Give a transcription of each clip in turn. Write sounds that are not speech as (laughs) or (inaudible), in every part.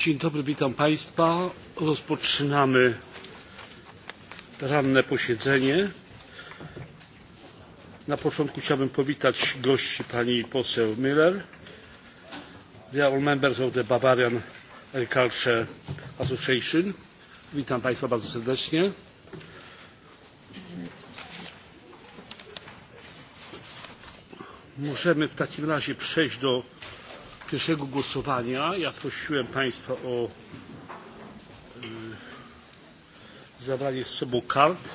Dzień dobry, witam Państwa. Rozpoczynamy ranne posiedzenie. Na początku chciałbym powitać gości pani poseł Miller, the all members of the Bavarian Agriculture Association. Witam Państwa bardzo serdecznie. Możemy w takim razie przejść do pierwszego głosowania ja prosiłem państwa o zabranie z sobą kart.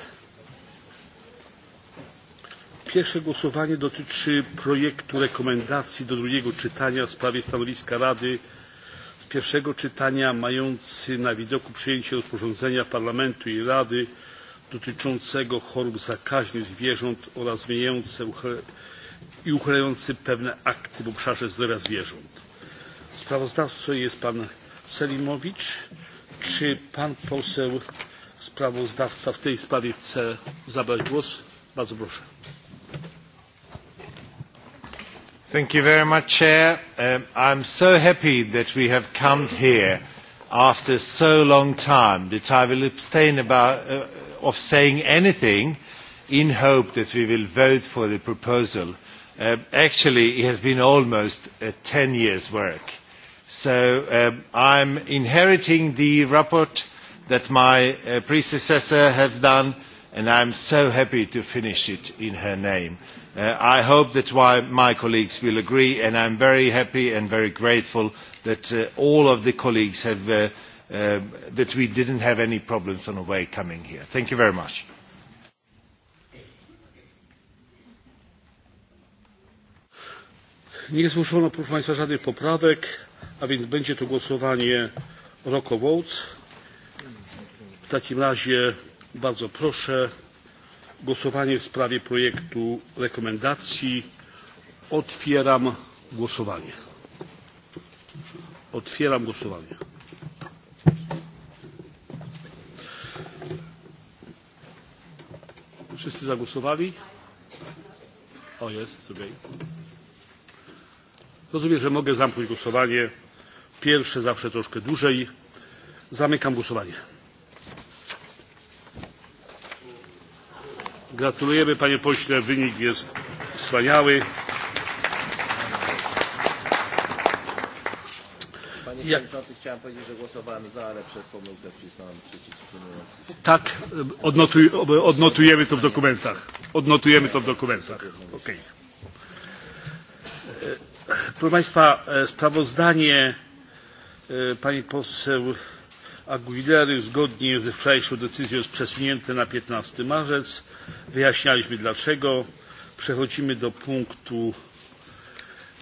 Pierwsze głosowanie dotyczy projektu rekomendacji do drugiego czytania w sprawie stanowiska Rady z pierwszego czytania mający na widoku przyjęcie rozporządzenia Parlamentu i Rady dotyczącego chorób zakaźnych zwierząt oraz zmieniające i uchylające pewne akty w obszarze zdrowia zwierząt Sprawozdawcą jest pan Selimowicz. Czy pan poseł sprawozdawca w tej sprawie chce zabrać głos? Bardzo proszę. Thank you very much, Chair. Um, I'm so happy that we have come here after so long time that I will abstain about, uh, of saying anything in hope that we will vote for the proposal. Uh, actually, it has been almost uh, 10 years' work. So um, I'm inheriting the report that my uh, predecessor has done, and I'm so happy to finish it in her name. Uh, I hope that why my colleagues will agree, and I'm very happy and very grateful that uh, all of the colleagues have, uh, uh, that we didn't have any problems on the way coming here. Thank you very much. nie zgłoszono proszę państwa żadnych poprawek a więc będzie to głosowanie rock w takim razie bardzo proszę głosowanie w sprawie projektu rekomendacji. otwieram głosowanie. otwieram głosowanie. wszyscy zagłosowali? o jest okej. Okay rozumiem że mogę zamknąć głosowanie pierwsze zawsze troszkę dłużej. zamykam głosowanie. gratulujemy panie pośle wynik jest wspaniały. Panie ja... przewodniczący, chciałem powiedzieć, że głosowałem za, ale przez pomyłkę wcisnąłem przycisk przyjmujący. Tak, odnotuj, odnotujemy to w dokumentach. Odnotujemy to w dokumentach. Okay. Proszę Państwa, e, sprawozdanie e, pani poseł Aguilery zgodnie ze wczorajszą decyzją jest przesunięte na 15 marzec. Wyjaśnialiśmy dlaczego. Przechodzimy do punktu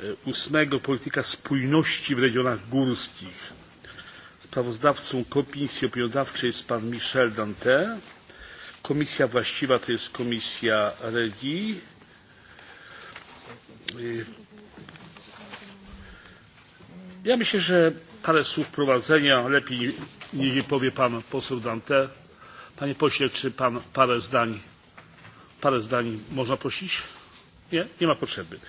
e, ósmego polityka spójności w regionach górskich. Sprawozdawcą komisji opiniodawczej jest pan Michel Dantin. Komisja właściwa to jest komisja REGI ja myślę że parę słów wprowadzenia lepiej niż powie pan poseł dantin. panie pośle czy pan parę zdań parę zdań można prosić? nie? nie ma potrzeby.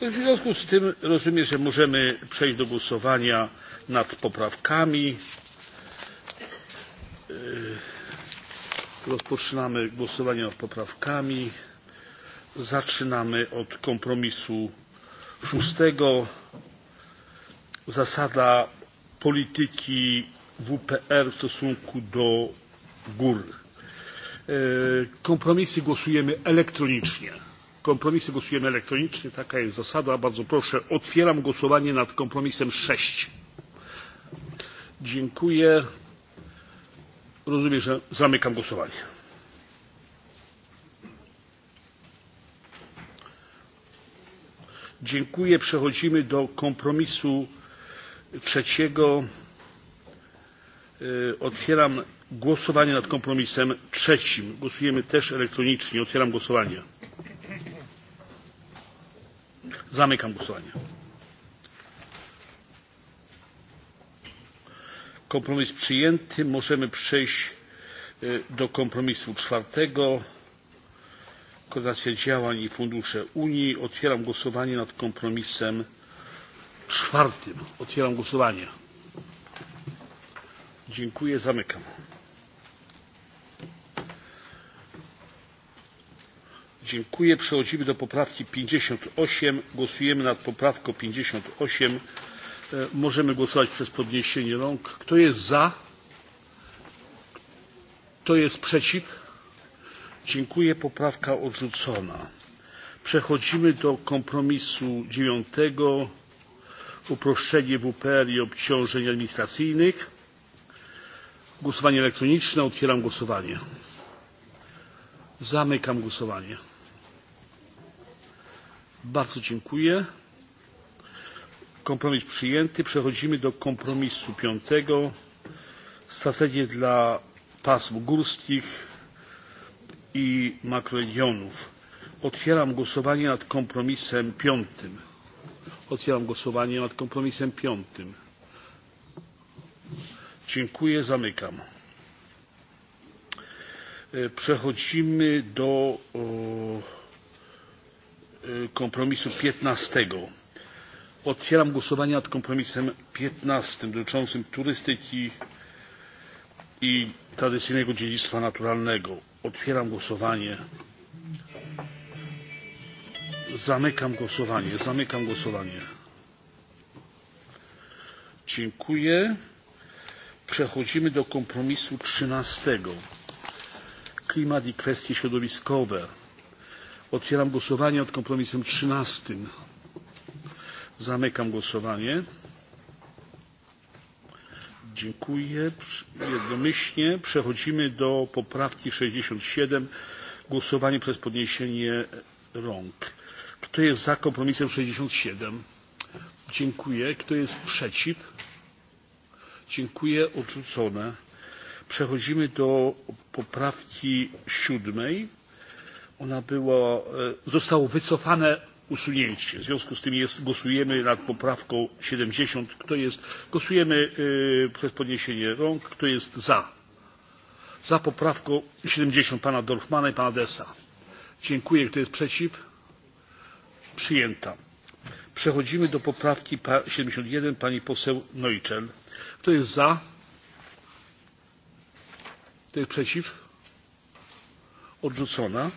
w związku z tym rozumiem że możemy przejść do głosowania nad poprawkami. rozpoczynamy głosowanie nad poprawkami. zaczynamy od kompromisu szóstego zasada polityki WPR w stosunku do gór. E, kompromisy głosujemy elektronicznie. Kompromisy głosujemy elektronicznie, taka jest zasada. Bardzo proszę, otwieram głosowanie nad kompromisem 6. Dziękuję. Rozumiem, że zamykam głosowanie. Dziękuję. Przechodzimy do kompromisu trzeciego. Otwieram głosowanie nad kompromisem trzecim. Głosujemy też elektronicznie. Otwieram głosowanie. Zamykam głosowanie. Kompromis przyjęty. Możemy przejść do kompromisu czwartego. Koordynacja działań i fundusze Unii. Otwieram głosowanie nad kompromisem czwartym. Otwieram głosowanie. Dziękuję. Zamykam. Dziękuję. Przechodzimy do poprawki 58. Głosujemy nad poprawką 58. E, możemy głosować przez podniesienie rąk. Kto jest za? Kto jest przeciw? Dziękuję. Poprawka odrzucona. Przechodzimy do kompromisu dziewiątego uproszczenie WPR i obciążeń administracyjnych. Głosowanie elektroniczne. Otwieram głosowanie. Zamykam głosowanie. Bardzo dziękuję. Kompromis przyjęty. Przechodzimy do kompromisu piątego. Strategie dla pasm górskich i makroregionów. Otwieram głosowanie nad kompromisem piątym. Otwieram głosowanie nad kompromisem piątym. Dziękuję, zamykam. E, przechodzimy do e, kompromisu piętnastego. Otwieram głosowanie nad kompromisem piętnastym dotyczącym turystyki i tradycyjnego dziedzictwa naturalnego. Otwieram głosowanie. Zamykam głosowanie. Zamykam głosowanie. Dziękuję. Przechodzimy do kompromisu 13. Klimat i kwestie środowiskowe. Otwieram głosowanie nad kompromisem 13. Zamykam głosowanie. Dziękuję. Jednomyślnie przechodzimy do poprawki 67. Głosowanie przez podniesienie rąk. Kto jest za kompromisem 67? Dziękuję. Kto jest przeciw? Dziękuję. Odrzucone. Przechodzimy do poprawki siódmej. Ona była, e, zostało wycofane usunięcie. W związku z tym jest, głosujemy nad poprawką 70. Kto jest, głosujemy yy, e, przez podniesienie rąk. Kto jest za? Za poprawką 70 pana Dorfmana i pana Dessa. Dziękuję. Kto jest przeciw? Przyjęta. Przechodzimy do poprawki 71 pani poseł Neuchel. Kto jest za? Kto jest przeciw? Odrzucona.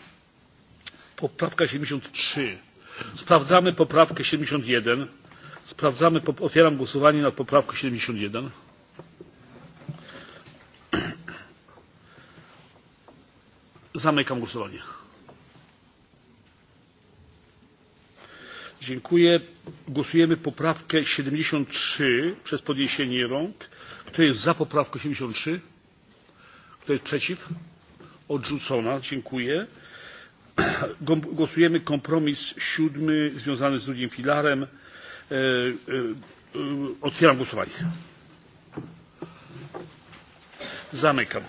Poprawka 73. Sprawdzamy poprawkę 71. Sprawdzamy, otwieram głosowanie nad poprawką 71. Zamykam głosowanie. głosujemy nad poprawką siedemdziesiąt trzy przez podniesienie rąk. Kto jest za poprawką siedemdziesiąt trzy Kto jest przeciw? Odrzucona. Dziękuję. Głosujemy nad kompromisem siódmym związanym z drugim filarem. E, e, e, otwieram głosowanie. Zamykam.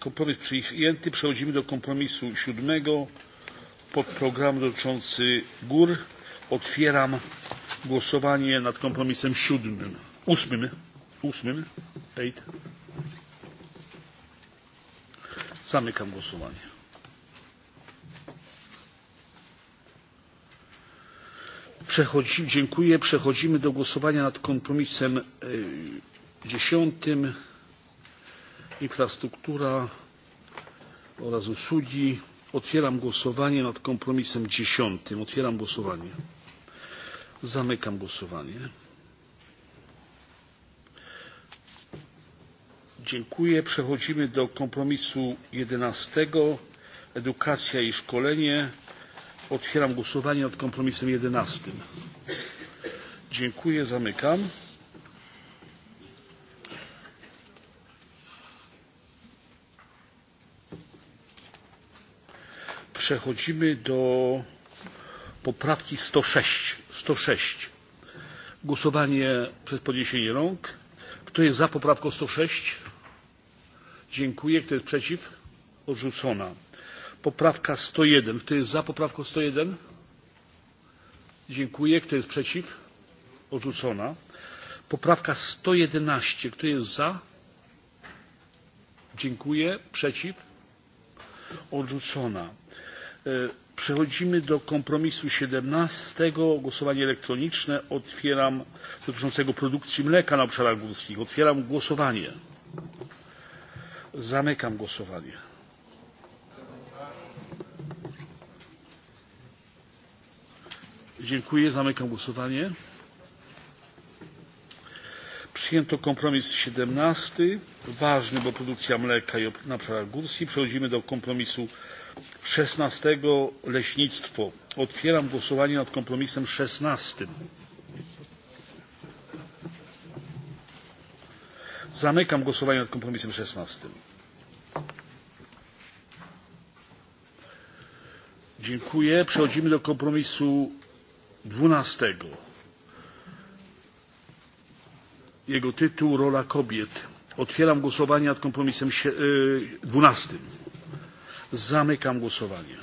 kompromis przyjęty. Przechodzimy do kompromisu siódmego podprogramu dotyczący gór. Otwieram głosowanie nad kompromisem siódmym. Ósmym. Ósmym. Eight. Zamykam głosowanie. Przechodzi, dziękuję. Przechodzimy do głosowania nad kompromisem y, dziesiątym infrastruktura oraz usługi. Otwieram głosowanie nad kompromisem dziesiątym. Otwieram głosowanie. Zamykam głosowanie. Dziękuję. Przechodzimy do kompromisu jedenastego. Edukacja i szkolenie. Otwieram głosowanie nad kompromisem jedenastym. Dziękuję. Zamykam. Przechodzimy do poprawki 106. 106. Głosowanie przez podniesienie rąk. Kto jest za poprawką 106? Dziękuję. Kto jest przeciw? Odrzucona. Poprawka 101. Kto jest za poprawką 101? Dziękuję. Kto jest przeciw? Odrzucona. Poprawka 111. Kto jest za? Dziękuję. Przeciw? Odrzucona E, przechodzimy do kompromisu siedemnaście Głosowanie elektroniczne. Otwieram dotyczącego produkcji mleka na obszarach górskich. Otwieram głosowanie. Zamykam głosowanie. Dziękuję. Zamykam głosowanie. Przyjęto kompromis siedemnaście ważny, bo produkcja mleka na obszarach górskich. Przechodzimy do kompromisu szesnaście leśnictwo. otwieram głosowanie nad kompromisem. szesnaście zamykam głosowanie nad kompromisem. szesnaście dziękuję. przechodzimy do kompromisu dwunastego jego tytuł rola kobiet. otwieram głosowanie nad kompromisem dwunastym. Zamykam głosowanie.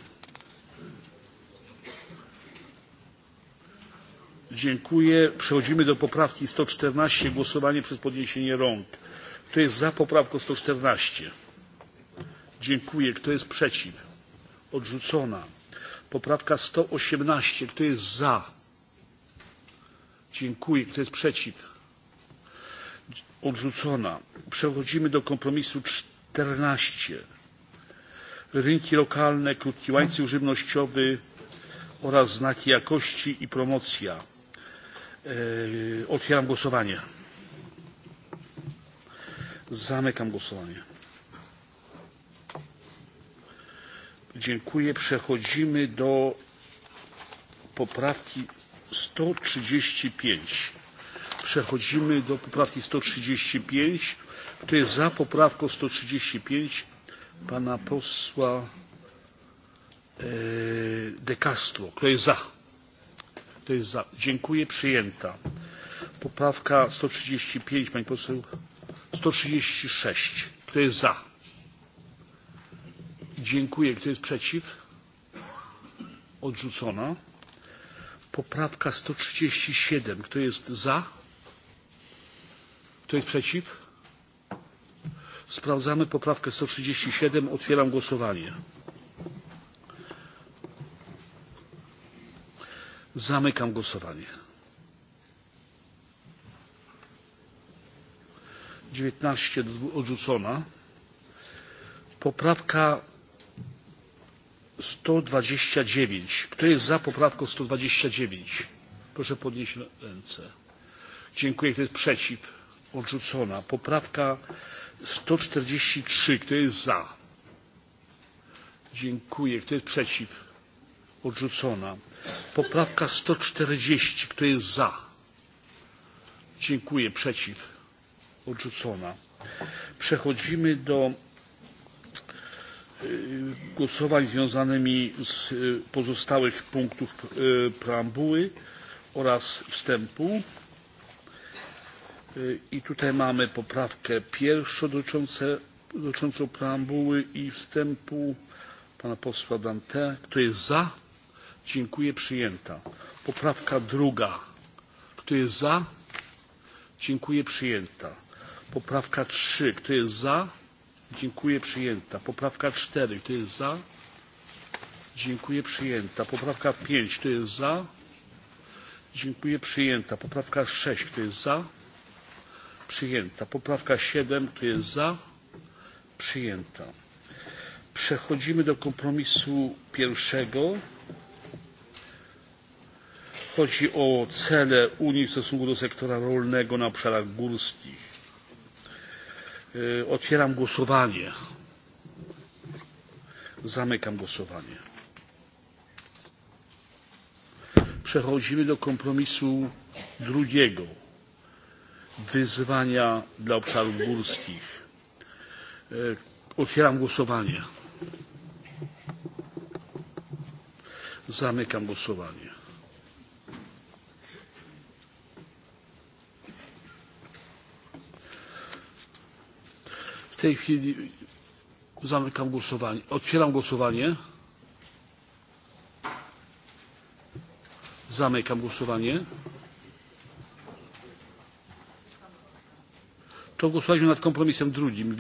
Dziękuję. Przechodzimy do poprawki 114. Głosowanie przez podniesienie rąk. Kto jest za poprawką 114? Dziękuję. Kto jest przeciw? Odrzucona. Poprawka 118. Kto jest za? Dziękuję. Kto jest przeciw? Odrzucona. Przechodzimy do kompromisu 14 rynki lokalne krótki łańcuch żywnościowy oraz znaki jakości i promocja. E, otwieram głosowanie. zamykam głosowanie. dziękuję. przechodzimy do poprawki sto trzydzieści pięć przechodzimy do poprawki sto trzydzieści pięć kto jest za poprawką sto trzydzieści pięć pana posła e, de Castro. Kto jest za? Kto jest za? Dziękuję. Przyjęta. Poprawka 135, pani poseł. 136. Kto jest za? Dziękuję. Kto jest przeciw? Odrzucona. Poprawka 137. Kto jest za? Kto jest przeciw? Sprawdzamy poprawkę siedem Otwieram głosowanie. Zamykam głosowanie. dziewiętnaście odrzucona. Poprawka sto dwadzieścia dziewięć. Kto jest za poprawką sto dwadzieścia dziewięć? Proszę podnieść ręce. Dziękuję. Kto jest przeciw? odrzucona. Poprawka 143. Kto jest za? Dziękuję. Kto jest przeciw? Odrzucona. Poprawka 140. Kto jest za? Dziękuję. Przeciw? Odrzucona. Przechodzimy do głosowań związanymi z pozostałych punktów preambuły oraz wstępu. E, i tutaj mamy poprawkę pierwszą dotyczącą preambuły i wstępu pana posła dantin kto jest za? dziękuję przyjęta. poprawka druga kto jest za? dziękuję przyjęta. poprawka trzy kto jest za? dziękuję przyjęta. poprawka cztery kto jest za? dziękuję przyjęta. poprawka pięć kto jest za? dziękuję przyjęta. poprawka sześć kto jest za? Przyjęta. Poprawka 7. Kto jest za? Przyjęta. Przechodzimy do kompromisu pierwszego. Chodzi o cele Unii w stosunku do sektora rolnego na obszarach górskich. E, otwieram głosowanie. Zamykam głosowanie. Przechodzimy do kompromisu drugiego wyzwania dla obszarów górskich. E, otwieram głosowanie. Zamykam głosowanie. W tej chwili zamykam głosowanie. Otwieram głosowanie. Zamykam głosowanie. to głosowaliśmy nad kompromisem drugim.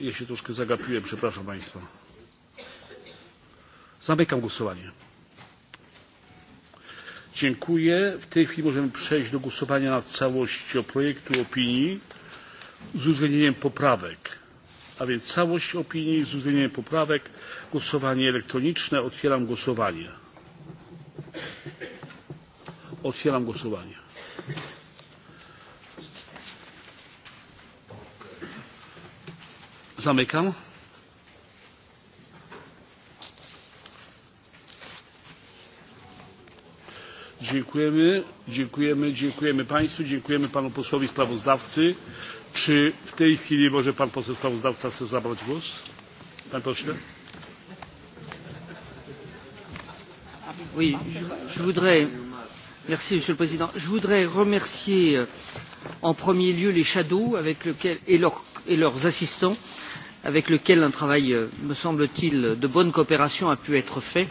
Ja, się troszkę zagapiłem, przepraszam Państwa. Zamykam głosowanie. Dziękuję. W tej chwili możemy przejść do głosowania nad całością projektu opinii z uwzględnieniem poprawek. A więc całość opinii z uwzględnieniem poprawek. Głosowanie elektroniczne. Otwieram głosowanie. Otwieram głosowanie. Zamykam. Dziękujemy, dziękujemy, dziękujemy Państwu, dziękujemy Panu posłowi sprawozdawcy. Czy w tej chwili może Pan poseł sprawozdawca chce zabrać głos? Panie pośle. Oui, je, je voudrais, merci Monsieur le Président, je voudrais remercier euh, en premier lieu les shadows avec lequel, et leurs et leurs assistants avec lesquels un travail euh, me semble t il de bonne coopération a pu être fait.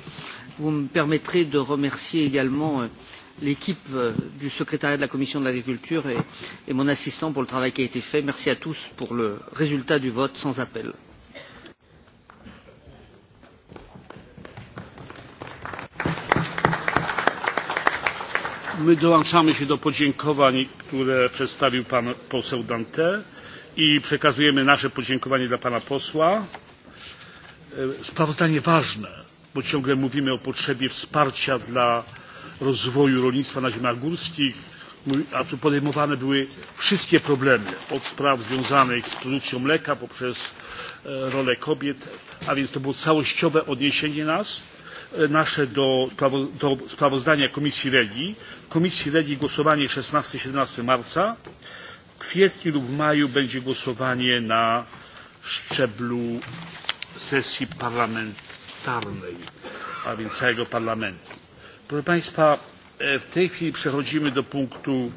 vous me permettrez de remercier également euh, l'équipe euh, du secrétariat de la commission de l'agriculture et, mon assistant pour le travail qui a été fait. merci à tous pour le résultat du vote sans appel i przekazujemy nasze podziękowanie dla pana posła. E, sprawozdanie ważne bo ciągle mówimy o potrzebie wsparcia dla rozwoju rolnictwa na ziemiach górskich a tu podejmowane były wszystkie problemy od spraw związanych z produkcją mleka poprzez e, rolę kobiet a więc to było całościowe odniesienie nas e, nasze do, do sprawozdania komisji regi. komisji regi głosowanie 16-17 marca kwietniu lub maju będzie głosowanie na szczeblu sesji parlamentarnej, a więc całego parlamentu. Proszę Państwa, e, w tej chwili przechodzimy do punktu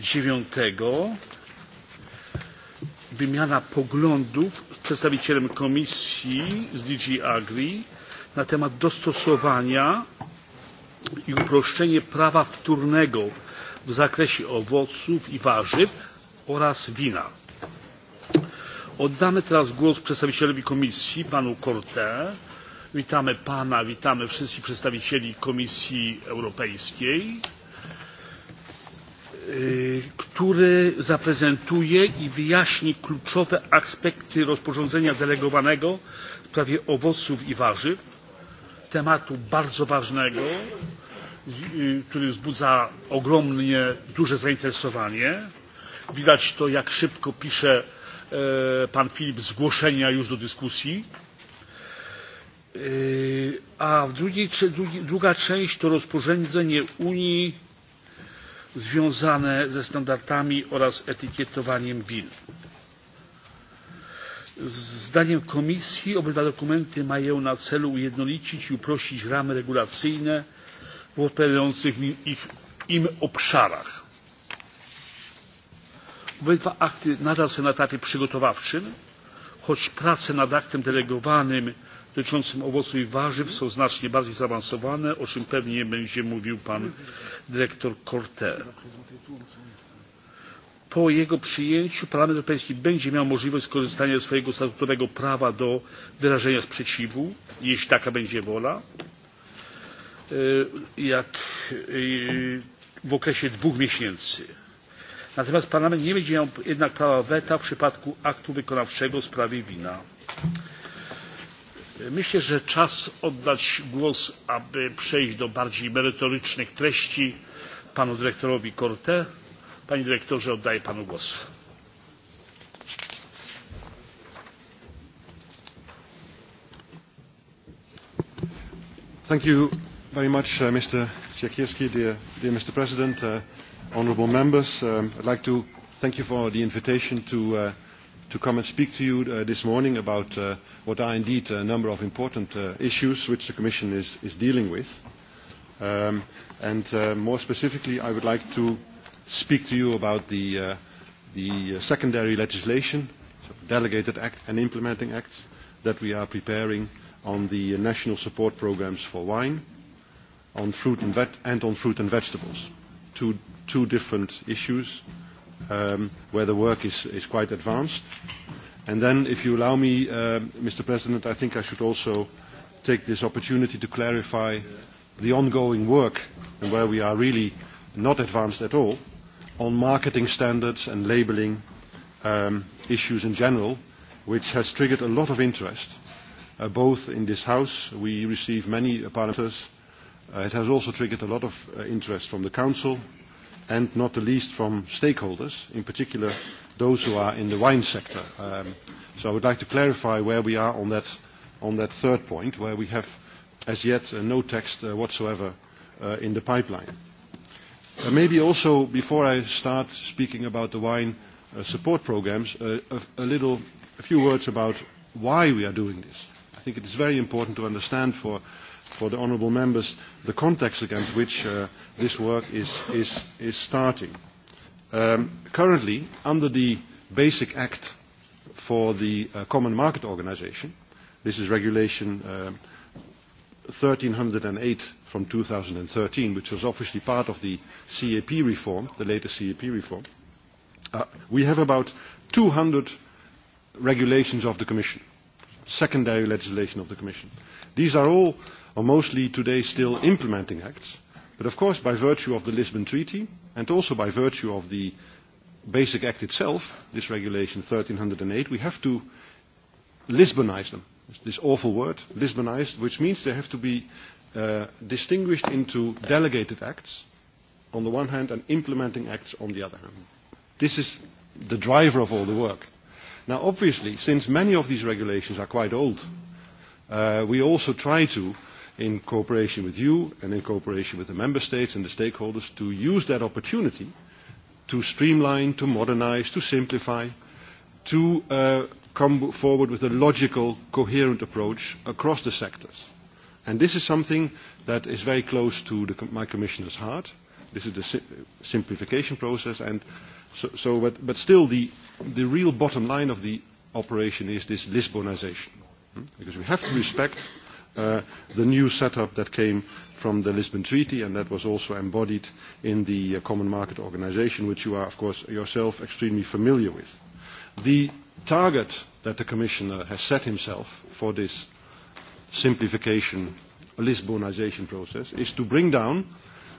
dziewiątego. Wymiana poglądów z przedstawicielem komisji z DG Agri na temat dostosowania i uproszczenie prawa wtórnego w zakresie owoców i warzyw oraz wina. oddamy teraz głos przedstawicielowi komisji panu corte. witamy pana witamy wszystkich przedstawicieli komisji europejskiej który zaprezentuje i wyjaśni kluczowe aspekty rozporządzenia delegowanego w sprawie owoców i warzyw tematu bardzo ważnego który wzbudza ogromnie duże zainteresowanie. Widać to, jak szybko pisze e, pan Filip zgłoszenia już do dyskusji. E, a druga część to rozporządzenie Unii związane ze standardami oraz etykietowaniem win. Zdaniem Komisji obydwa dokumenty mają na celu ujednolicić i uprościć ramy regulacyjne w odpowiadających im obszarach Obydwa akty nadal są na etapie przygotowawczym, choć prace nad aktem delegowanym dotyczącym owoców i warzyw są znacznie bardziej zaawansowane, o czym pewnie będzie mówił pan dyrektor Corter. Po jego przyjęciu Parlament Europejski będzie miał możliwość skorzystania ze swojego statutowego prawa do wyrażenia sprzeciwu, jeśli taka będzie wola. E, jak e, w okresie dwóch miesięcy natomiast parlament nie będzie miał jednak prawa weta w przypadku aktu wykonawczego w sprawie wina. myślę że czas oddać głos aby przejść do bardziej merytorycznych treści panu dyrektorowi corte. panie dyrektorze oddaję panu głos. thank you very much uh, mr siekierski dear, dear mr president uh, honourable members, um, I'd like to thank you for the invitation to, uh, to come and speak to you uh, this morning about uh, what are indeed a number of important uh, issues which the Commission is, is dealing with. Um, and uh, more specifically, I would like to speak to you about the, uh, the secondary legislation, so delegated act and implementing acts that we are preparing on the national support programs for wine, on fruit and, vet and on fruit and vegetables, two two different issues um, where the work is, is quite advanced. And then, if you allow me, uh, Mr. President, I think I should also take this opportunity to clarify the ongoing work and where we are really not advanced at all on marketing standards and labeling um, issues in general, which has triggered a lot of interest, uh, both in this House, we receive many uh, parameters, uh, it has also triggered a lot of uh, interest from the Council, and not the least from stakeholders, in particular those who are in the wine sector. Um, so I would like to clarify where we are on that, on that third point, where we have as yet uh, no text uh, whatsoever uh, in the pipeline. Uh, maybe also, before I start speaking about the wine uh, support programs, uh, a, a, little, a few words about why we are doing this. I think it is very important to understand for, for the honourable members the context against which uh, this work is, is, is starting. Um, currently, under the Basic Act for the uh, Common Market Organization, this is Regulation uh, um, 1308 from 2013, which was obviously part of the CAP reform, the latest CAP reform, uh, we have about 200 regulations of the Commission, secondary legislation of the Commission. These are all, or mostly today, still implementing acts, But of course, by virtue of the Lisbon Treaty and also by virtue of the Basic Act itself, this regulation 1308, we have to Lisbonize them. It's this awful word, Lisbonized, which means they have to be uh, distinguished into delegated acts on the one hand and implementing acts on the other hand. This is the driver of all the work. Now, obviously, since many of these regulations are quite old, uh, we also try to uh, in cooperation with you and in cooperation with the member states and the stakeholders to use that opportunity to streamline, to modernize, to simplify, to uh, come forward with a logical, coherent approach across the sectors. And this is something that is very close to the, my commissioner's heart. This is the si simplification process. And so, so but, but still, the, the real bottom line of the operation is this Lisbonization. Hmm? Because we have to respect uh, the new setup that came from the Lisbon Treaty, and that was also embodied in the uh, Common Market Organization, which you are, of course, yourself extremely familiar with. The target that the Commissioner has set himself for this simplification, Lisbonization process is to bring down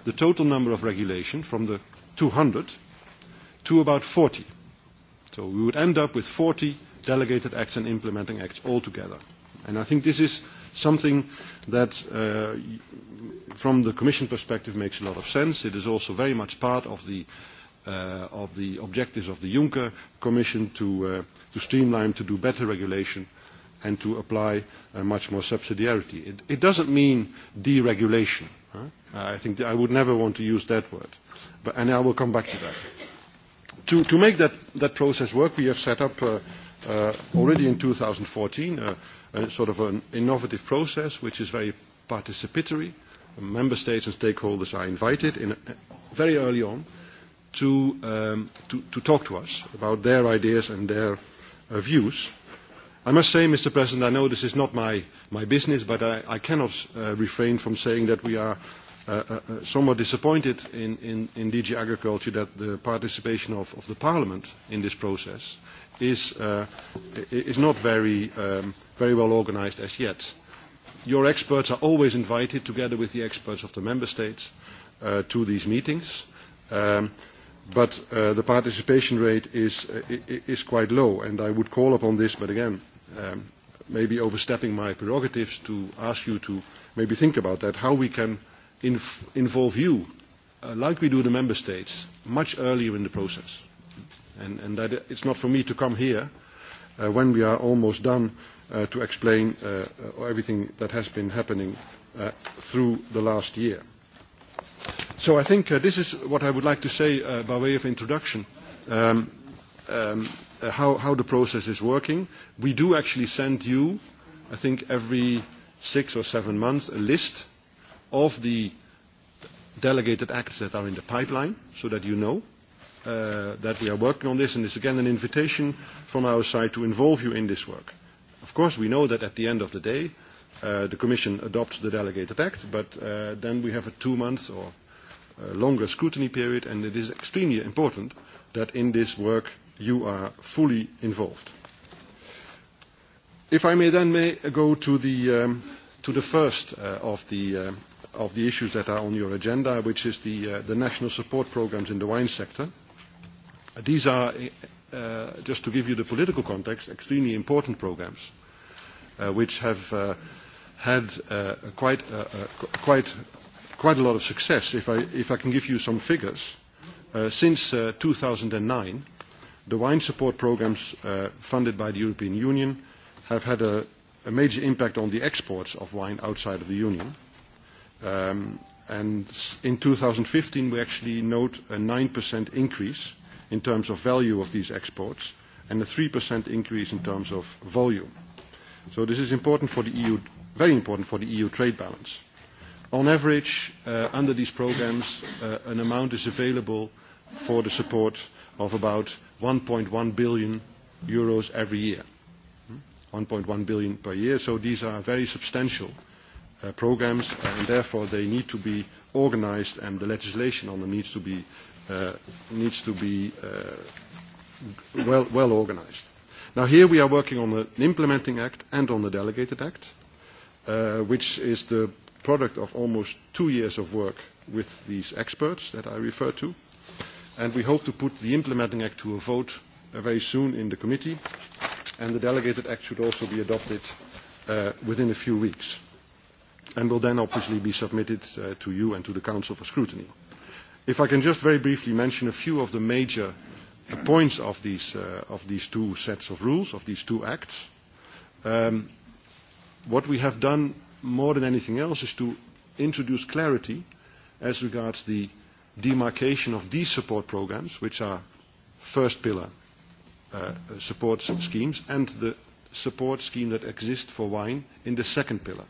the total number of regulations from the 200 to about 40. So we would end up with 40 delegated acts and implementing acts altogether. And I think this is something that uh, from the Commission perspective makes a lot of sense. It is also very much part of the, uh, of the objectives of the Juncker Commission to, uh, to streamline, to do better regulation and to apply uh, much more subsidiarity. It, it doesn't mean deregulation. Huh? I think I would never want to use that word. But, and I will come back to that. To, to make that, that process work, we have set up uh, uh, already in 2014 uh, a sort of an innovative process which is very participatory. Member states and stakeholders are invited in, very early on to, um, to, to talk to us about their ideas and their uh, views. I must say, Mr. President, I know this is not my, my business, but I, I cannot uh, refrain from saying that we are uh, uh, uh somewhat disappointed in, in, in DG Agriculture that the participation of, of the Parliament in this process is, uh, is not very, um, very well organized as yet. Your experts are always invited, together with the experts of the member states, uh, to these meetings. Um, but uh, the participation rate is, uh, is quite low, and I would call upon this, but again, um, maybe overstepping my prerogatives to ask you to maybe think about that, how we can inf involve you, uh, like we do the member states, much earlier in the process. And, and that it's not for me to come here uh, when we are almost done uh, to explain uh, uh, everything that has been happening uh, through the last year. So I think uh, this is what I would like to say uh, by way of introduction, um, um, uh, how, how the process is working. We do actually send you, I think every six or seven months, a list of the delegated acts that are in the pipeline so that you know uh, that we are working on this, and it's again an invitation from our side to involve you in this work. Of course, we know that at the end of the day, uh, the Commission adopts the delegated act, but uh, then we have a two-month or a longer scrutiny period, and it is extremely important that in this work you are fully involved. If I may then may go to the, um, to the first uh, of, the, uh, of the issues that are on your agenda, which is the, uh, the national support programs in the wine sector. These are, uh, just to give you the political context, extremely important programs uh, which have uh, had uh, quite, uh, uh, quite, quite a lot of success. If I, if I can give you some figures, uh, since uh, 2009, the wine support programs uh, funded by the European Union have had a, a major impact on the exports of wine outside of the Union. Um, and in 2015, we actually note a 9% increase uh, in terms of value of these exports and a 3% increase in terms of volume. So this is important for the EU, very important for the EU trade balance. On average, uh, under these programs, uh, an amount is available for the support of about 1.1 billion euros every year. 1.1 hmm? billion per year, so these are very substantial uh, programs and therefore they need to be organized and the legislation on them needs to be uh, needs to be uh, well, well organized. Now here we are working on the implementing act and on the delegated act, uh, which is the product of almost two years of work with these experts that I refer to. And we hope to put the implementing act to a vote uh, very soon in the committee. And the delegated act should also be adopted uh, within a few weeks and will then obviously be submitted uh, to you and to the Council for scrutiny. If I can just very briefly mention a few of the major points of these, uh, of these two sets of rules, of these two acts, um, what we have done more than anything else is to introduce clarity as regards the demarcation of these support programs, which are first pillar uh, support schemes, and the support scheme that exists for wine in the second pillar.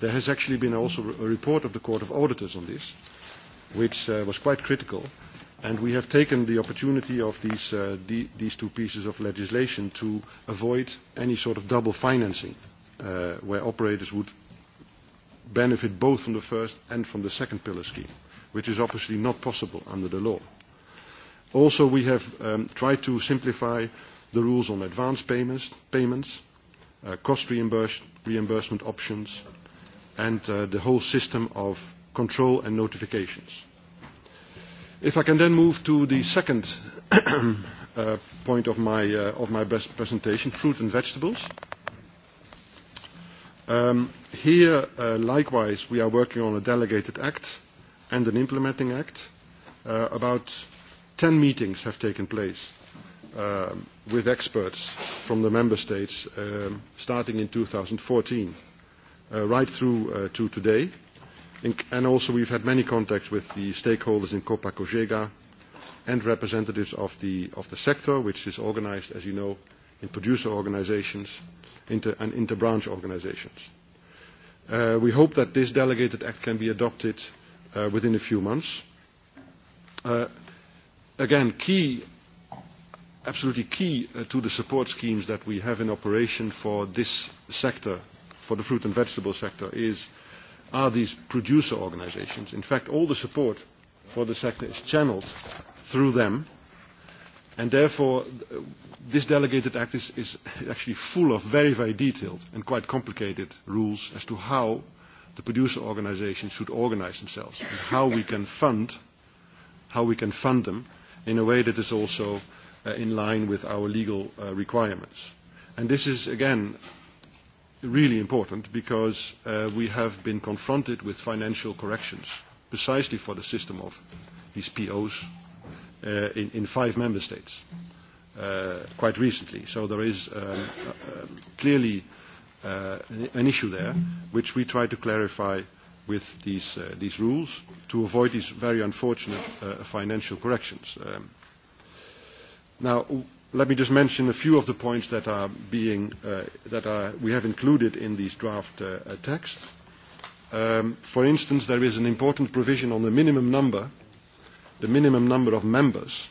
There has actually been also a report of the Court of Auditors on this, which uh, was quite critical. And we have taken the opportunity of these, uh, the, these two pieces of legislation to avoid any sort of double financing, uh, where operators would benefit both from the first and from the second pillar scheme, which is obviously not possible under the law. Also, we have um, tried to simplify the rules on advance payments, payments uh, cost reimburse, reimbursement options, and uh, the whole system of control and notifications. If I can then move to the second (coughs) uh, point of my, uh, of my best presentation, fruit and vegetables. Um, here, uh, likewise, we are working on a delegated act and an implementing act. Uh, about 10 meetings have taken place uh, with experts from the member states um, starting in 2014, uh, right through uh, to today. Uh, and also we have had many contacts with the stakeholders in Copa cogeca and representatives of the, of the sector, which is organised as you know, in producer organisations inter, and interbranch organizations. Uh, we hope that this delegated act can be adopted uh, within a few months. Uh, again, key, absolutely key uh, to the support schemes that we have in operation for this sector, for the fruit and vegetable sector, is are these producer organizations. In fact, all the support for the sector is channeled through them. And therefore, this delegated act is, is actually full of very, very detailed and quite complicated rules as to how the producer organizations should organize themselves and how we can fund, how we can fund them in a way that is also uh, in line with our legal uh, requirements. And this is, again, really important because uh, we have been confronted with financial corrections precisely for the system of these POs uh, in, in five member states uh, quite recently. So there is um, uh, clearly uh, an issue there which we try to clarify with these, uh, these rules to avoid these very unfortunate uh, financial corrections. Um, now, Let me just mention a few of the points that, are being, uh, that are, we have included in these draft uh, uh, texts. Um, for instance, there is an important provision on the minimum number, the minimum number of members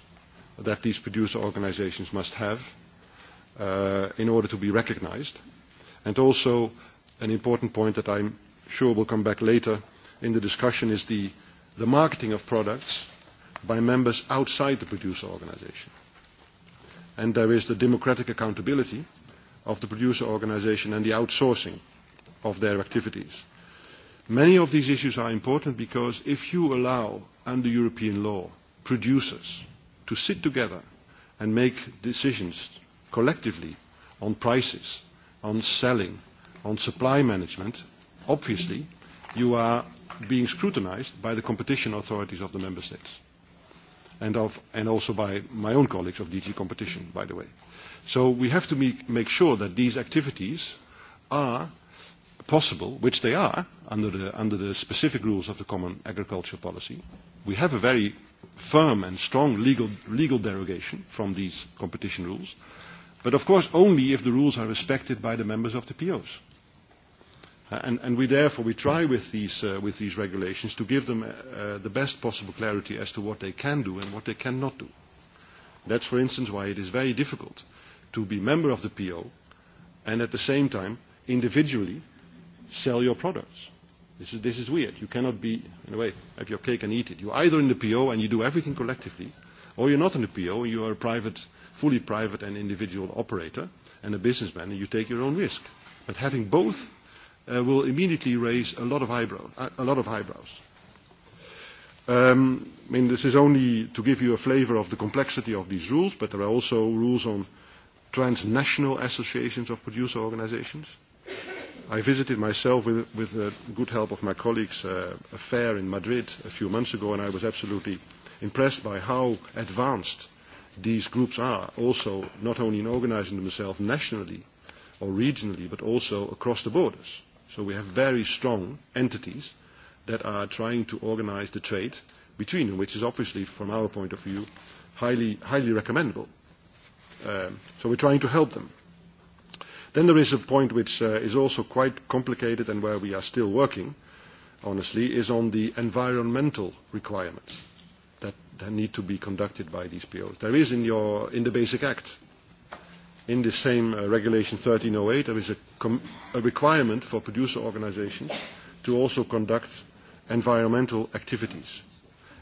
that these producer organizations must have uh, in order to be recognized. And also an important point that I'm sure will come back later in the discussion is the, the marketing of products by members outside the producer organization and there is the democratic accountability of the producer organisation and the outsourcing of their activities. Many of these issues are important because if you allow, under European law, producers to sit together and make decisions collectively on prices, on selling, on supply management, obviously you are being scrutinised by the competition authorities of the member states and, of, and also by my own colleagues of DG Competition, by the way. So we have to make, make sure that these activities are possible, which they are under the, under the specific rules of the common agricultural policy. We have a very firm and strong legal, legal derogation from these competition rules, but of course only if the rules are respected by the members of the POs. Uh, and, and we therefore we try with these, uh, with these regulations to give them uh, uh, the best possible clarity as to what they can do and what they cannot do. That's, for instance, why it is very difficult to be member of the PO and at the same time individually sell your products. This is, this is weird. You cannot be, in a way, have your cake and eat it. You're either in the PO and you do everything collectively, or you're not in the PO and you are a private, fully private and individual operator and a businessman and you take your own risk. But having both uh, will immediately raise a lot of, eyebrow, uh, a lot of eyebrows. Um, I mean, this is only to give you a flavor of the complexity of these rules, but there are also rules on transnational associations of producer organizations. I visited myself with, with the good help of my colleagues uh, a fair in Madrid a few months ago, and I was absolutely impressed by how advanced these groups are, also not only in organizing themselves nationally or regionally, but also across the borders. So we have very strong entities that are trying to organize the trade between them, which is obviously, from our point of view, highly, highly recommendable. Um, so we're trying to help them. Then there is a point which uh, is also quite complicated and where we are still working, honestly, is on the environmental requirements that, that need to be conducted by these POs. There is in, your, in the Basic Act in the same uh, regulation 1308, there is a, com a requirement for producer organizations to also conduct environmental activities.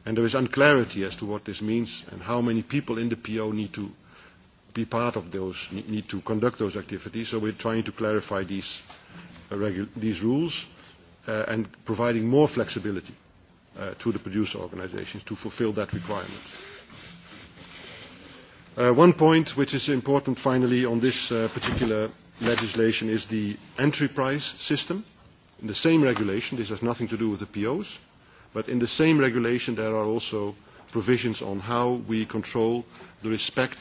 And there is unclarity as to what this means and how many people in the PO need to be part of those, need to conduct those activities. So we're trying to clarify these, uh, these rules uh, and providing more flexibility uh, to the producer organizations to fulfill that requirement. Uh, one point which is important finally on this uh, particular legislation is the entry price system. In the same regulation, this has nothing to do with the POs, but in the same regulation there are also provisions on how we control the respect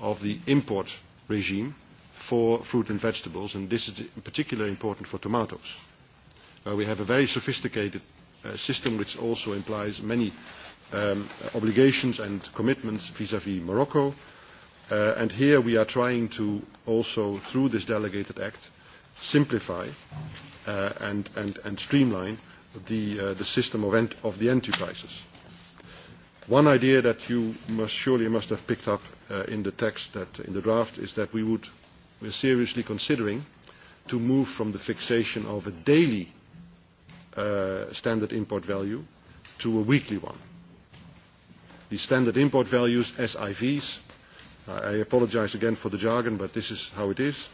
of the import regime for fruit and vegetables, and this is particularly important for tomatoes. Uh, we have a very sophisticated uh, system which also implies many um, obligations and commitments vis-à-vis -vis Morocco. Uh, and here we are trying to also, through this delegated act, simplify uh, and, and, and streamline the, uh, the system of, ent- of the entry prices. One idea that you must surely must have picked up uh, in the text, that in the draft, is that we would, we're seriously considering to move from the fixation of a daily uh, standard import value to a weekly one the standard import values, SIVs, uh, I apologize again for the jargon, but this is how it is,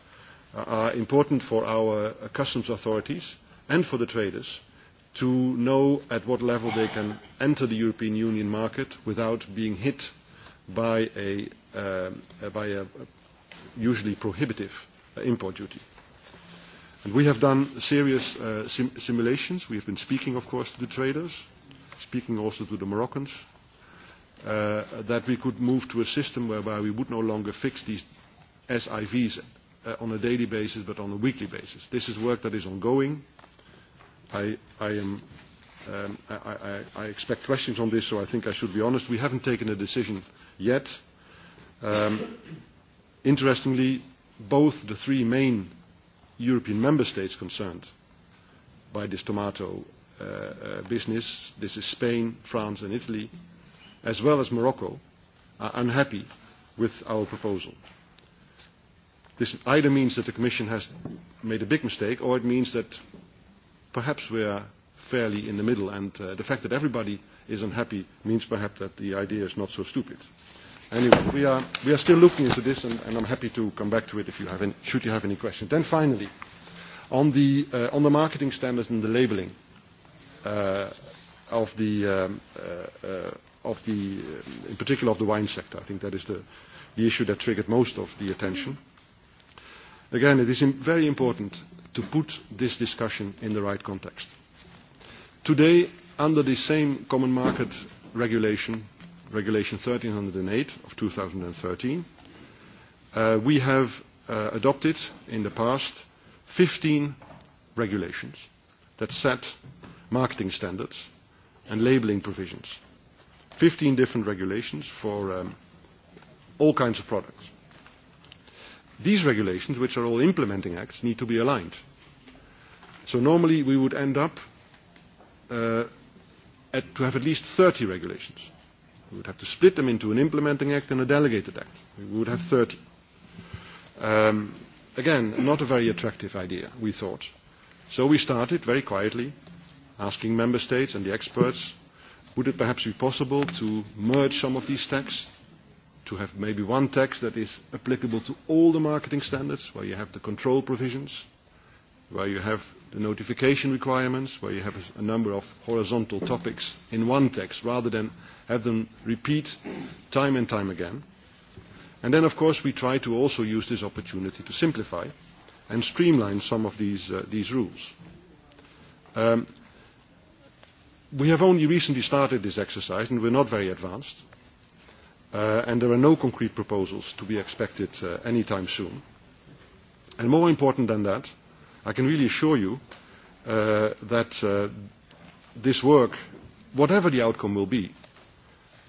uh, are important for our uh, customs authorities and for the traders to know at what level they can enter the European Union market without being hit by a, uh, uh by a usually prohibitive uh, import duty. And we have done serious uh, sim simulations. We have been speaking, of course, to the traders, speaking also to the Moroccans, uh, that we could move to a system whereby we would no longer fix these SIVs uh, on a daily basis but on a weekly basis. This is work that is ongoing. I, I, am, um, I, I, I expect questions on this, so I think I should be honest. We haven't taken a decision yet. Um, interestingly, both the three main European member states concerned by this tomato uh, uh, business, this is Spain, France and Italy, as well as Morocco, are unhappy with our proposal. This either means that the Commission has made a big mistake, or it means that perhaps we are fairly in the middle, and uh, the fact that everybody is unhappy means perhaps that the idea is not so stupid. Anyway, we are, we are still looking into this, and, and I'm happy to come back to it if you have any, should you have any questions. Then finally, on the, uh, on the marketing standards and the labeling uh, of the um, uh, uh of the, uh, in particular of the wine sector. I think that is the, the issue that triggered most of the attention. Again, it is very important to put this discussion in the right context. Today, under the same common market regulation, Regulation 1308 of 2013, uh, we have uh, adopted in the past 15 regulations that set marketing standards and labeling provisions. 15 different regulations for um, all kinds of products. These regulations, which are all implementing acts, need to be aligned. So normally we would end up uh, at, to have at least 30 regulations. We would have to split them into an implementing act and a delegated act. We would have 30. Um, again, not a very attractive idea, we thought. So we started very quietly asking member states and the experts Would it perhaps be possible to merge some of these texts, to have maybe one text that is applicable to all the marketing standards, where you have the control provisions, where you have the notification requirements, where you have a number of horizontal topics in one text, rather than have them repeat time and time again. And then, of course, we try to also use this opportunity to simplify and streamline some of these, uh, these rules. Um, we have only recently started this exercise and we're not very advanced uh, and there are no concrete proposals to be expected uh, anytime soon. And more important than that, I can really assure you uh, that uh, this work, whatever the outcome will be,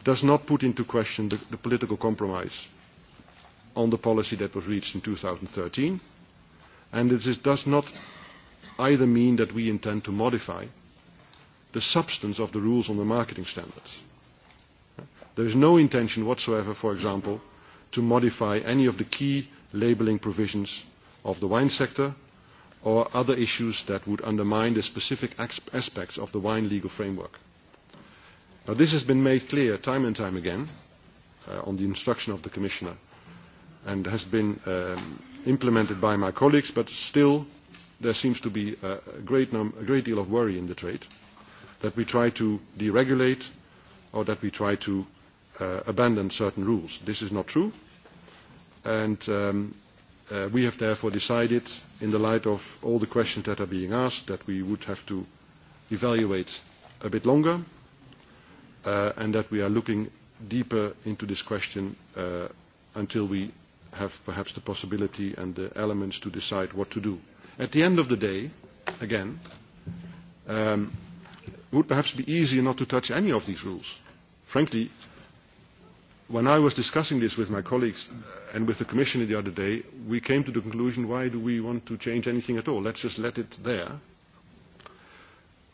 does not put into question the, the political compromise on the policy that was reached in 2013, and it is, does not either mean that we intend to modify the substance of the rules on the marketing standards. There is no intention whatsoever, for example, to modify any of the key labelling provisions of the wine sector or other issues that would undermine the specific aspects of the wine legal framework. Now, this has been made clear time and time again uh, on the instruction of the Commissioner and has been um, implemented by my colleagues, but still there seems to be a great, num a great deal of worry in the trade. Uh, that we try to deregulate or that we try to uh, abandon certain rules. This is not true. And um, uh, we have therefore decided, in the light of all the questions that are being asked, that we would have to evaluate a bit longer uh, and that we are looking deeper into this question uh, until we have perhaps the possibility and the elements to decide what to do. At the end of the day, again, um, It would perhaps be easier not to touch any of these rules. Frankly, when I was discussing this with my colleagues and with the Commissioner the other day, we came to the conclusion, why do we want to change anything at all? Let's just let it there.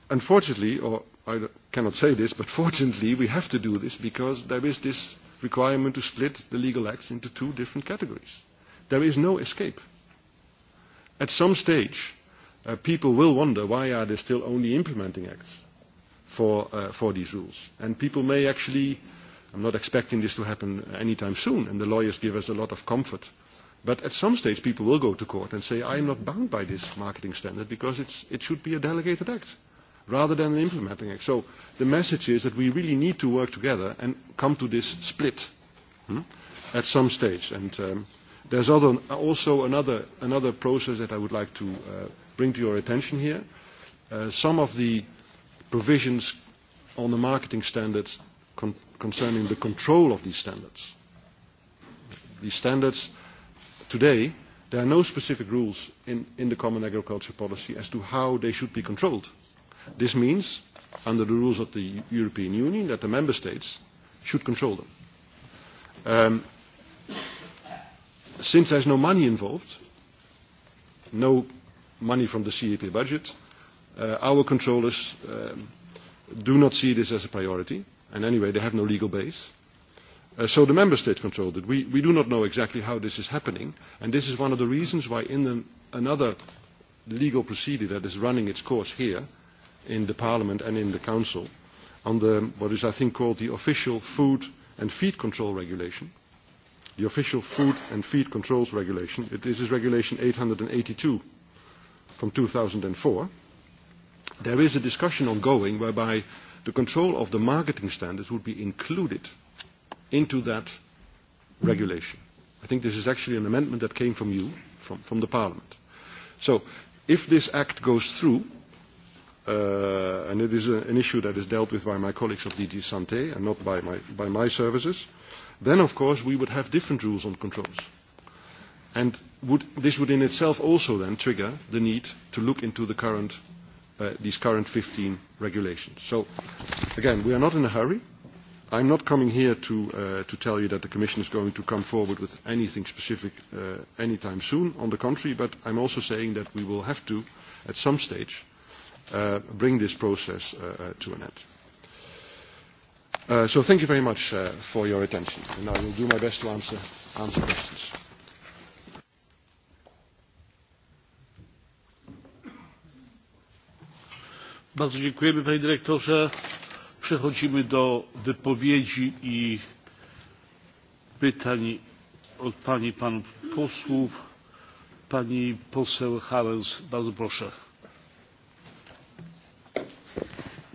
Unfortunately, or I cannot say this, but (laughs) fortunately we have to do this because there is this requirement to split the legal acts into two different categories. There is no escape. At some stage, uh, people will wonder why are there still only implementing acts? for, uh, for these rules. And people may actually, I'm not expecting this to happen anytime soon, and the lawyers give us a lot of comfort. But at some stage, people will go to court and say, I am not bound by this marketing standard because it's, it should be a delegated act rather than an implementing act. So the message is that we really need to work together and come to this split hmm, at some stage. And um, there's other, also another, another process that I would like to uh, bring to your attention here. Uh, some of the provisions on the marketing standards con concerning the control of these standards. These standards today, there are no specific rules in, in the common agriculture policy as to how they should be controlled. This means, under the rules of the European Union, that the member states should control them. Um, since there's no money involved, no money from the CEP budget, uh, our controllers um, do not see this as a priority, and anyway, they have no legal base. Uh, so the member state controlled it. We, we do not know exactly how this is happening, and this is one of the reasons why in the, another legal procedure that is running its course here in the Parliament and in the Council on the, what is I think called the official food and feed control regulation, the official food and feed controls regulation. It, this is regulation 882 from 2004 There is a discussion ongoing whereby the control of the marketing standards would be included into that regulation. I think this is actually an amendment that came from you, from, from the Parliament. So if this act goes through, uh, and it is a, an issue that is dealt with by my colleagues of DG Santé and not by my, by my services, then of course we would have different rules on controls. And would, this would in itself also then trigger the need to look into the current uh, these current 15 regulations. So, again, we are not in a hurry. I'm not coming here to, uh, to tell you that the Commission is going to come forward with anything specific uh, anytime soon, on the contrary, but I'm also saying that we will have to, at some stage, uh, bring this process uh, uh, to an end. Uh, so thank you very much uh, for your attention, and I will do my best to answer, answer questions. Bardzo dziękujemy panie dyrektorze. Przechodzimy do wypowiedzi i pytań od pani i panów posłów. Pani poseł harms bardzo proszę.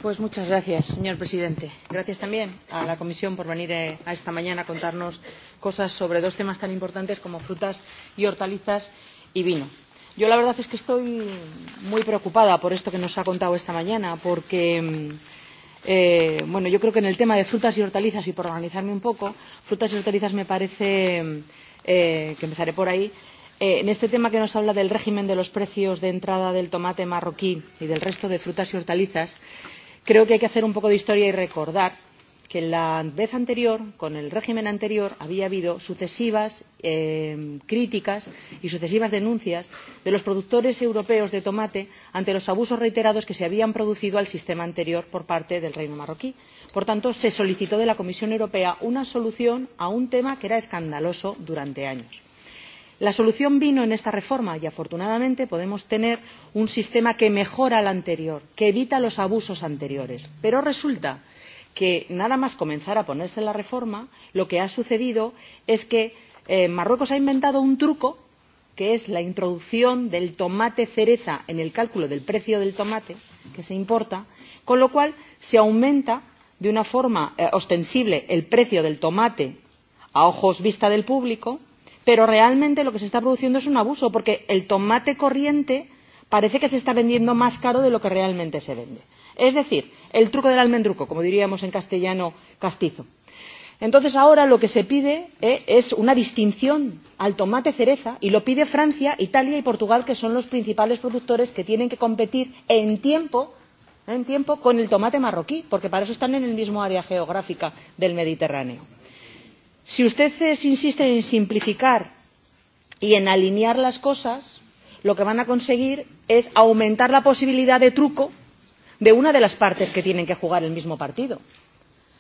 Pues muchas gracias, señor presidente. Gracias también a la Comisión por venir eh, a esta mañana a contarnos cosas sobre dos temas tan importantes como frutas y hortalizas y vino Yo la verdad es que estoy muy preocupada por esto que nos ha contado esta mañana, porque mm, eh, bueno, yo creo que en el tema de frutas y hortalizas, y por organizarme un poco, frutas y hortalizas me parece mm, eh, que empezaré por ahí. Eh, en este tema que nos habla del régimen de los precios de entrada del tomate marroquí y del resto de frutas y hortalizas, creo que hay que hacer un poco de historia y recordar que la vez anterior con el régimen anterior había habido sucesivas eh, críticas y sucesivas denuncias de los productores europeos de tomate ante los abusos reiterados que se habían producido al sistema anterior por parte del reino marroquí. por tanto se solicitó de la comisión europea una solución a un tema que era escandaloso durante años. la solución vino en esta reforma y afortunadamente podemos tener un sistema que mejora el anterior que evita los abusos anteriores pero resulta que que nada más comenzar a ponerse la reforma lo que ha sucedido es que eh, marruecos ha inventado un truco que es la introducción del tomate cereza en el cálculo del precio del tomate que se importa con lo cual se aumenta de una forma eh, ostensible el precio del tomate a ojos vista del público pero realmente lo que se está produciendo es un abuso porque el tomate corriente parece que se está vendiendo más caro de lo que realmente se vende es decir el truco del almendruco como diríamos en castellano castizo. entonces ahora lo que se pide eh, es una distinción al tomate cereza y lo piden francia italia y portugal que son los principales productores que tienen que competir en tiempo en tiempo con el tomate marroquí porque para eso están en el mismo área geográfica del mediterráneo. si ustedes eh, insisten en simplificar y en alinear las cosas lo que van a conseguir es aumentar la posibilidad de truco de una de las partes que tienen que jugar el mismo partido.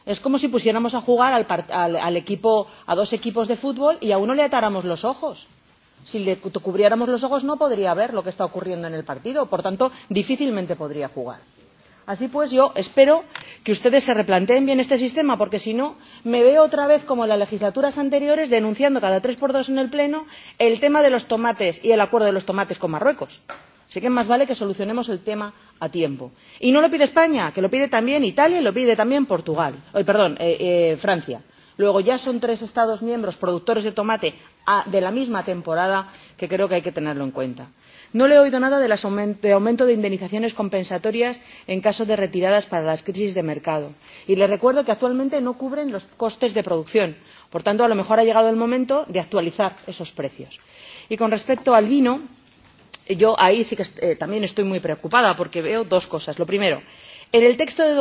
Es como si pusiéramos a jugar al, al, al equipo, a dos equipos de fútbol y a uno le atáramos los ojos. Si le cubriéramos los ojos no podría ver lo que está ocurriendo en el partido, por tanto, difícilmente podría jugar. Así pues, yo espero que ustedes se replanteen bien este sistema, porque si no, me veo otra vez, como en las legislaturas anteriores, denunciando cada tres por dos en el Pleno el tema de los tomates y el acuerdo de los tomates con Marruecos. Así que más vale que solucionemos el tema a tiempo. Y no lo pide España, que lo pide también Italia y lo pide también eh, eh, Francia. Luego ya son tres Estados miembros productores de tomate ah, de la misma temporada que creo que hay que tenerlo en cuenta. No le he oído nada del aumento de indemnizaciones compensatorias en caso de retiradas para las crisis de mercado. Y le recuerdo que actualmente no cubren los costes de producción. Por tanto, a lo mejor ha llegado el momento de actualizar esos precios. Y con respecto al vino, yo ahí sí que eh, también estoy muy preocupada porque veo dos cosas. Lo primero, en el texto del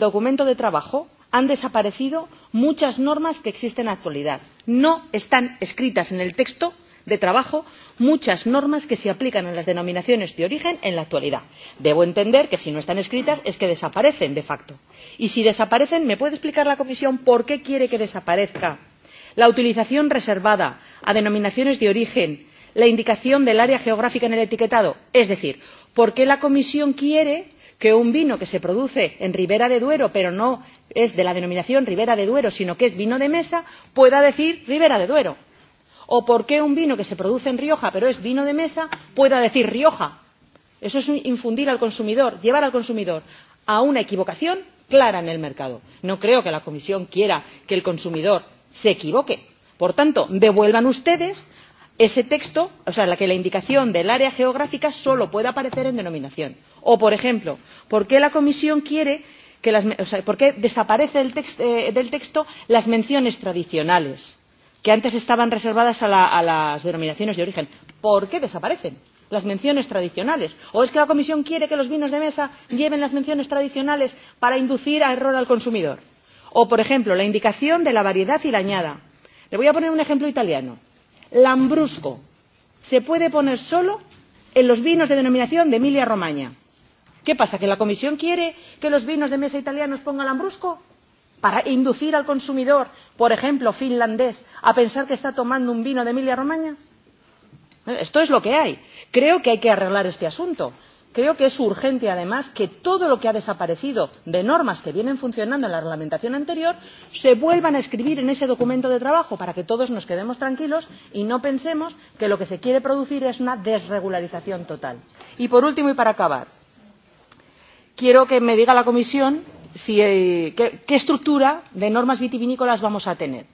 documento de trabajo han desaparecido muchas normas que existen en la actualidad. No están escritas en el texto de trabajo muchas normas que se aplican a las denominaciones de origen en la actualidad. Debo entender que si no están escritas es que desaparecen de facto. Y si desaparecen, ¿me puede explicar la Comisión por qué quiere que desaparezca la utilización reservada a denominaciones de origen la indicación del área geográfica en el etiquetado es decir por qué la comisión quiere que un vino que se produce en ribera del duero pero no es de la denominación ribera del duero sino que es vino de mesa pueda decir ribera del duero? o por qué un vino que se produce en rioja pero es vino de mesa pueda decir rioja? eso es infundir al consumidor llevar al consumidor a una equivocación clara en el mercado. no creo que la comisión quiera que el consumidor se equivoque. por tanto devuelvan ustedes ese texto o sea que la indicación del área geográfica solo pueda aparecer en denominación o por ejemplo por qué la comisión quiere que las, o sea, por qué desaparecen del, text, eh, del texto las menciones tradicionales que antes estaban reservadas a, la, a las denominaciones de origen por qué desaparecen? las menciones tradicionales o es que la comisión quiere que los vinos de mesa lleven las menciones tradicionales para inducir a error al consumidor o por ejemplo la indicación de la variedad y la añada. le voy a poner un ejemplo italiano Lambrusco se puede poner solo en los vinos de denominación de Emilia Romagna. ¿Qué pasa? ¿Que la Comisión quiere que los vinos de mesa italianos pongan Lambrusco? Para inducir al consumidor, por ejemplo, finlandés, a pensar que está tomando un vino de Emilia Romagna. Esto es lo que hay. Creo que hay que arreglar este asunto creo que es urgente además que todo lo que ha desaparecido de normas que vienen funcionando en la reglamentación anterior se vuelva a escribir en ese documento de trabajo para que todos nos quedemos tranquilos y no pensemos que lo que se quiere producir es una desregularización total. y por último y para acabar quiero que me diga la comisión si, eh, qué, qué estructura de normas vitivinícolas vamos a tener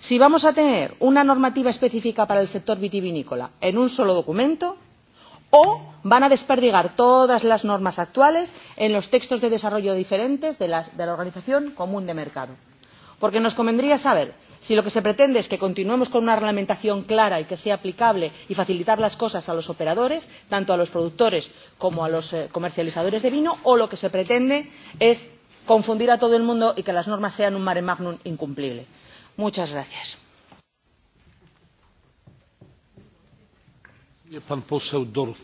si vamos a tener una normativa específica para el sector vitivinícola en un solo documento o van a desperdigar todas las normas actuales en los textos de desarrollo diferentes de, las, de la Organización Común de Mercado. Porque nos convendría saber si lo que se pretende es que continuemos con una reglamentación clara y que sea aplicable y facilitar las cosas a los operadores, tanto a los productores como a los eh, comercializadores de vino, o lo que se pretende es confundir a todo el mundo y que las normas sean un mare magnum incumplible. Muchas gracias. Herr präsident!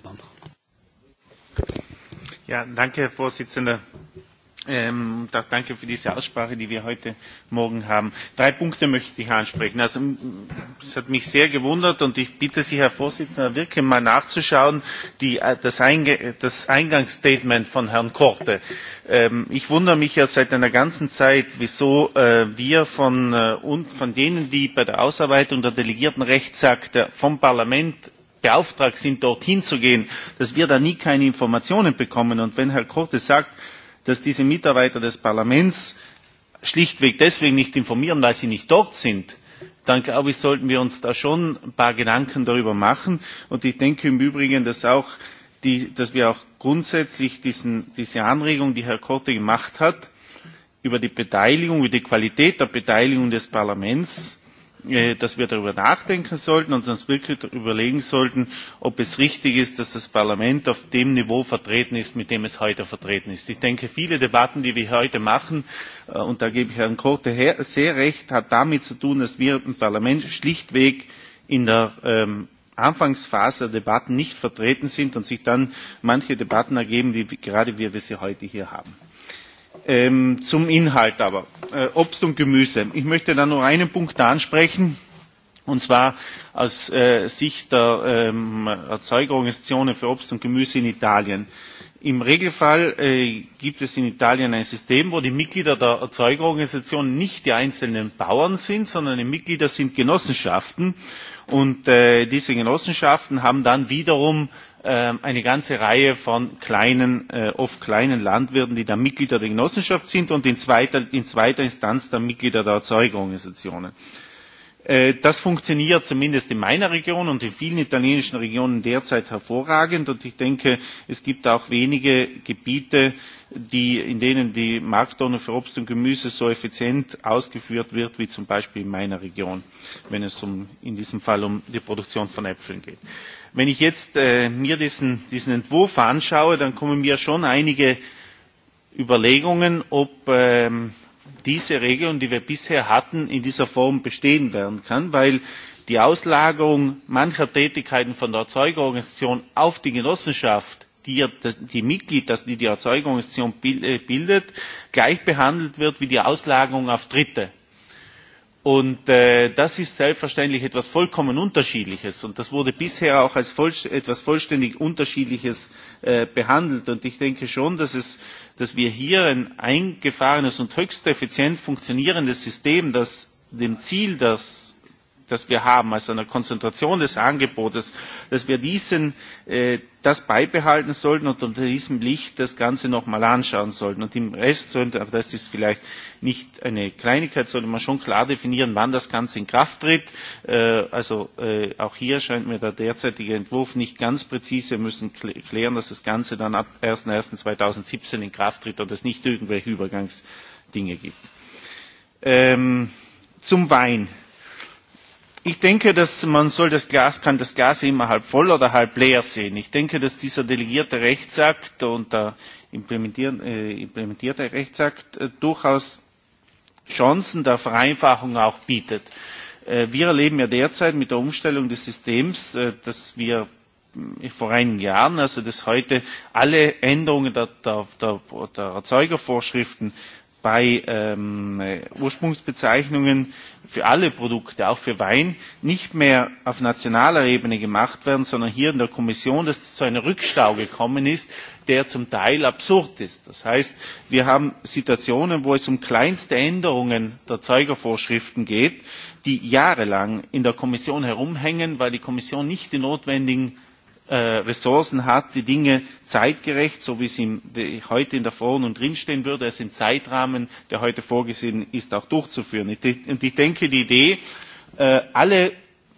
Ähm, danke für diese Aussprache, die wir heute Morgen haben. Drei Punkte möchte ich ansprechen. es hat mich sehr gewundert und ich bitte Sie, Herr Vorsitzender, wirklich mal nachzuschauen, äh, das, Eingangsstatement von Herrn Korte. Ähm, ich wundere mich ja seit einer ganzen Zeit, wieso äh, wir äh, von denen, die bei der Ausarbeitung der delegierten Rechtsakte vom Parlament beauftragt sind dorthin zu gehen dass wir da nie keine informationen bekommen. und wenn herr korte sagt dass diese mitarbeiter des parlaments schlichtweg deswegen nicht informieren weil sie nicht dort sind dann glaube ich sollten wir uns da schon ein paar gedanken darüber machen. und ich denke im übrigen dass, auch die, dass wir auch grundsätzlich diesen, diese anregung die herr Korte gemacht hat über die beteiligung über die qualität der beteiligung des parlaments Äh, dass wir darüber nachdenken sollten und uns wirklich überlegen sollten ob es richtig ist dass das parlament auf dem niveau vertreten ist mit dem es heute vertreten ist. ich denke viele debatten die wir heute machen äh, und da gebe ich herrn Korte sehr recht haben damit zu tun dass wir im parlament schlichtweg in der ähm, anfangsphase der debatten nicht vertreten sind und sich dann manche debatten ergeben wie gerade wir sie heute hier haben. Ähm, zum Inhalt aber. Äh, Obst und Gemüse. Ich möchte da nur einen Punkt ansprechen. Und zwar aus äh, Sicht der ähm, Erzeugerorganisationen für Obst und Gemüse in Italien. Im Regelfall äh, gibt es in Italien ein System, wo die Mitglieder der Erzeugerorganisationen nicht die einzelnen Bauern sind, sondern die Mitglieder sind Genossenschaften. Und diese Genossenschaften haben dann wiederum Ähm, eine ganze Reihe von kleinen, äh, oft kleinen Landwirten, die dann Mitglieder der Genossenschaft sind und in zweiter, Instanz dann Mitglieder der Erzeugerorganisationen Äh, das funktioniert zumindest in meiner region und in vielen italienischen regionen derzeit hervorragend und ich denke es gibt auch wenige gebiete in denen die marktordnung für obst und gemüse so effizient ausgeführt wird wie zum beispiel in meiner region wenn es um, in diesem fall um die produktion von äpfeln geht. wenn ich äh, mir jetzt diesen entwurf anschaue dann kommen mir schon einige überlegungen ob ähm, diese regelung die wir bisher hatten in dieser form bestehen bleiben kann weil die auslagerung mancher tätigkeiten von der erzeugerorganisation auf die genossenschaft die die mitglied die die erzeugerorganisation äh, bildet gleich behandelt wird wie die auslagerung auf dritte. Und äh, das ist selbstverständlich etwas vollkommen Unterschiedliches. Und das wurde bisher auch als etwas vollständig Unterschiedliches äh, behandelt. ich denke schon, dass, dass wir hier ein eingefahrenes und höchst effizient funktionierendes System, das dem Ziel, das das wir haben, also einer Konzentration des Angebotes, dass wir diesen, äh, das beibehalten sollten und unter diesem Licht das Ganze nochmal anschauen sollten. Und im Rest sollte, aber das ist vielleicht nicht eine Kleinigkeit, sollte man schon klar definieren, wann das Ganze in Kraft tritt. Äh, also äh, auch hier scheint mir der derzeitige Entwurf nicht ganz präzise. Wir müssen klären, dass das Ganze dann ab 1.1.2017 in Kraft tritt und es nicht irgendwelche Übergangsdinge gibt. Ähm, zum Wein ich denke dass man soll das glas kann das glas immer halb voll oder halb leer sehen. ich denke dass dieser delegierte rechtsakt und der äh, implementierte rechtsakt äh, durchaus chancen der vereinfachung auch bietet. Äh, wir erleben ja derzeit mit der umstellung des systems dass wir vor einigen Jahren, also dass heute alle Änderungen der, der, der, der Erzeugervorschriften bei ähm, Ursprungsbezeichnungen für alle Produkte, auch für Wein, nicht mehr auf nationaler Ebene gemacht werden, sondern hier in der Kommission, dass es zu einem Rückstau gekommen ist, der zum Teil absurd ist. Das heißt, wir haben Situationen, wo es um kleinste Änderungen der Zeugervorschriften geht, die jahrelang in der Kommission herumhängen, weil die Kommission nicht die notwendigen Äh, Ressourcen hat, die Dinge zeitgerecht, so wie es im, die, heute in der Verordnung drinstehen würde, es im Zeitrahmen, der heute vorgesehen ist, auch durchzuführen. Und ich denke, die Idee, äh, alle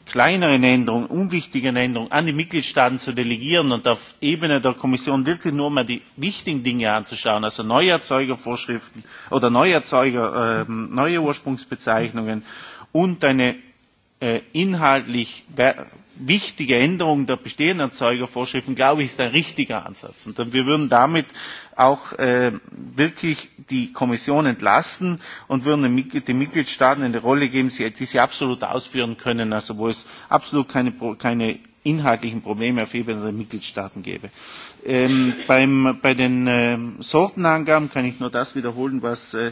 kleineren Änderungen, unwichtigen Änderungen an die Mitgliedstaaten zu delegieren und auf Ebene der Kommission wirklich nur mal die wichtigen Dinge anzuschauen, also Neuerzeugervorschriften oder Neuerzeuger, äh, neue Ursprungsbezeichnungen und eine äh, inhaltlich wichtige Änderung der bestehenden Erzeugervorschriften, glaube ich, ist ein richtiger Ansatz. Und wir würden damit auch äh, wirklich die Kommission entlasten und würden den den Mitgliedstaaten eine Rolle geben, die sie absolut ausführen können, also wo es absolut keine, keine inhaltlichen Probleme auf Ebene der Mitgliedstaaten gäbe. Ähm, beim, bei den ähm, Sortenangaben kann ich nur das wiederholen, was äh,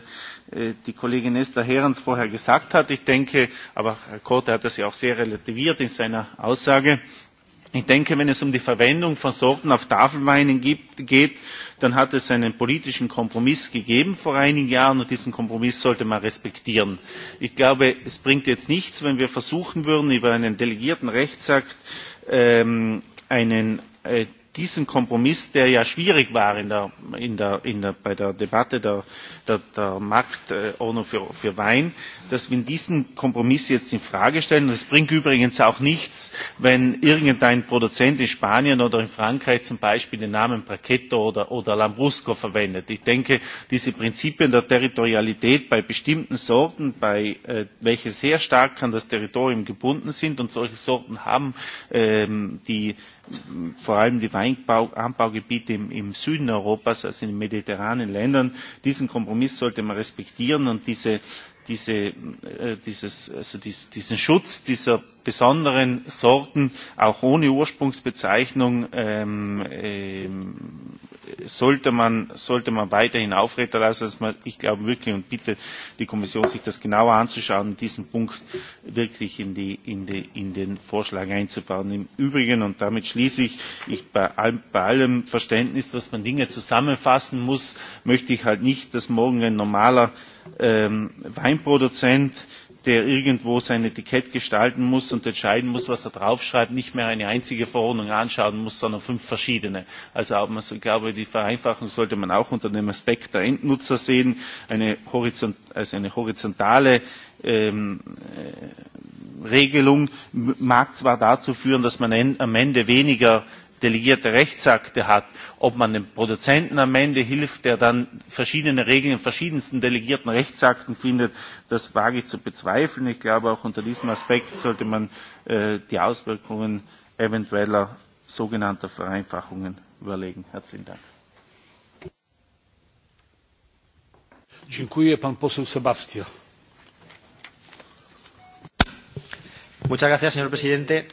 äh die Kollegin Esther Herrens vorher gesagt hat. Ich denke, aber Herr Korte hat das ja auch sehr relativiert in seiner Aussage, ich denke wenn es um die verwendung von sorten auf tafelweinen gibt, geht dann hat es einen politischen kompromiss gegeben vor einigen jahren und diesen kompromiss sollte man respektieren. ich glaube es bringt jetzt nichts wenn wir versuchen würden über einen delegierten rechtsakt äh, ähm, einen äh, diesen Kompromiss, der ja schwierig war in der, in der, in der, bei der Debatte der, der, Marktordnung äh, für, für Wein, dass wir diesen Kompromiss jetzt in Frage stellen. Das bringt übrigens auch nichts, wenn irgendein Produzent in Spanien oder in Frankreich zum Beispiel den Namen Bracetto oder, oder Lambrusco verwendet. Ich denke, diese Prinzipien der Territorialität bei bestimmten Sorten, bei äh, welche sehr stark an das Territorium gebunden sind und solche Sorten haben ähm, die vor allem die weinanbaugebiete im, im Süden Europas, also in den mediterranen Ländern. Diesen Kompromiss sollte man respektieren und diese, diese, äh, dieses, also dies, diesen Schutz dieser besonderen Sorten auch ohne Ursprungsbezeichnung ähm, ähm, sollte, man, sollte man weiterhin aufrechterlassen. Dass ich glaube wirklich und bitte die Kommission, sich das genauer anzuschauen und diesen Punkt wirklich in, die, in, die, in den Vorschlag einzubauen. Im Übrigen, und damit schließe ich, ich bei, all, bei allem Verständnis, dass man Dinge zusammenfassen muss, möchte ich halt nicht, dass morgen ein normaler ähm, Weinproduzent der irgendwo sein Etikett gestalten muss und entscheiden muss, was er draufschreibt, nicht mehr eine einzige Verordnung anschauen muss, sondern fünf verschiedene. Also ich glaube, die Vereinfachung sollte man auch unter dem Aspekt der Endnutzer sehen, eine, horizont also eine horizontale ähm, äh, Regelung mag zwar dazu führen, dass man am Ende weniger delegierte Rechtsakte hat, ob man dem Produzenten am Ende hilft, der dann verschiedene Regeln in verschiedensten delegierten Rechtsakten findet, das wage ich zu bezweifeln. Ich glaube, auch unter diesem Aspekt sollte man äh, die Auswirkungen eventueller sogenannter Vereinfachungen überlegen. Herzlichen Dank. Dziękuję, pan poseł Sebastian. Muchas gracias, señor presidente.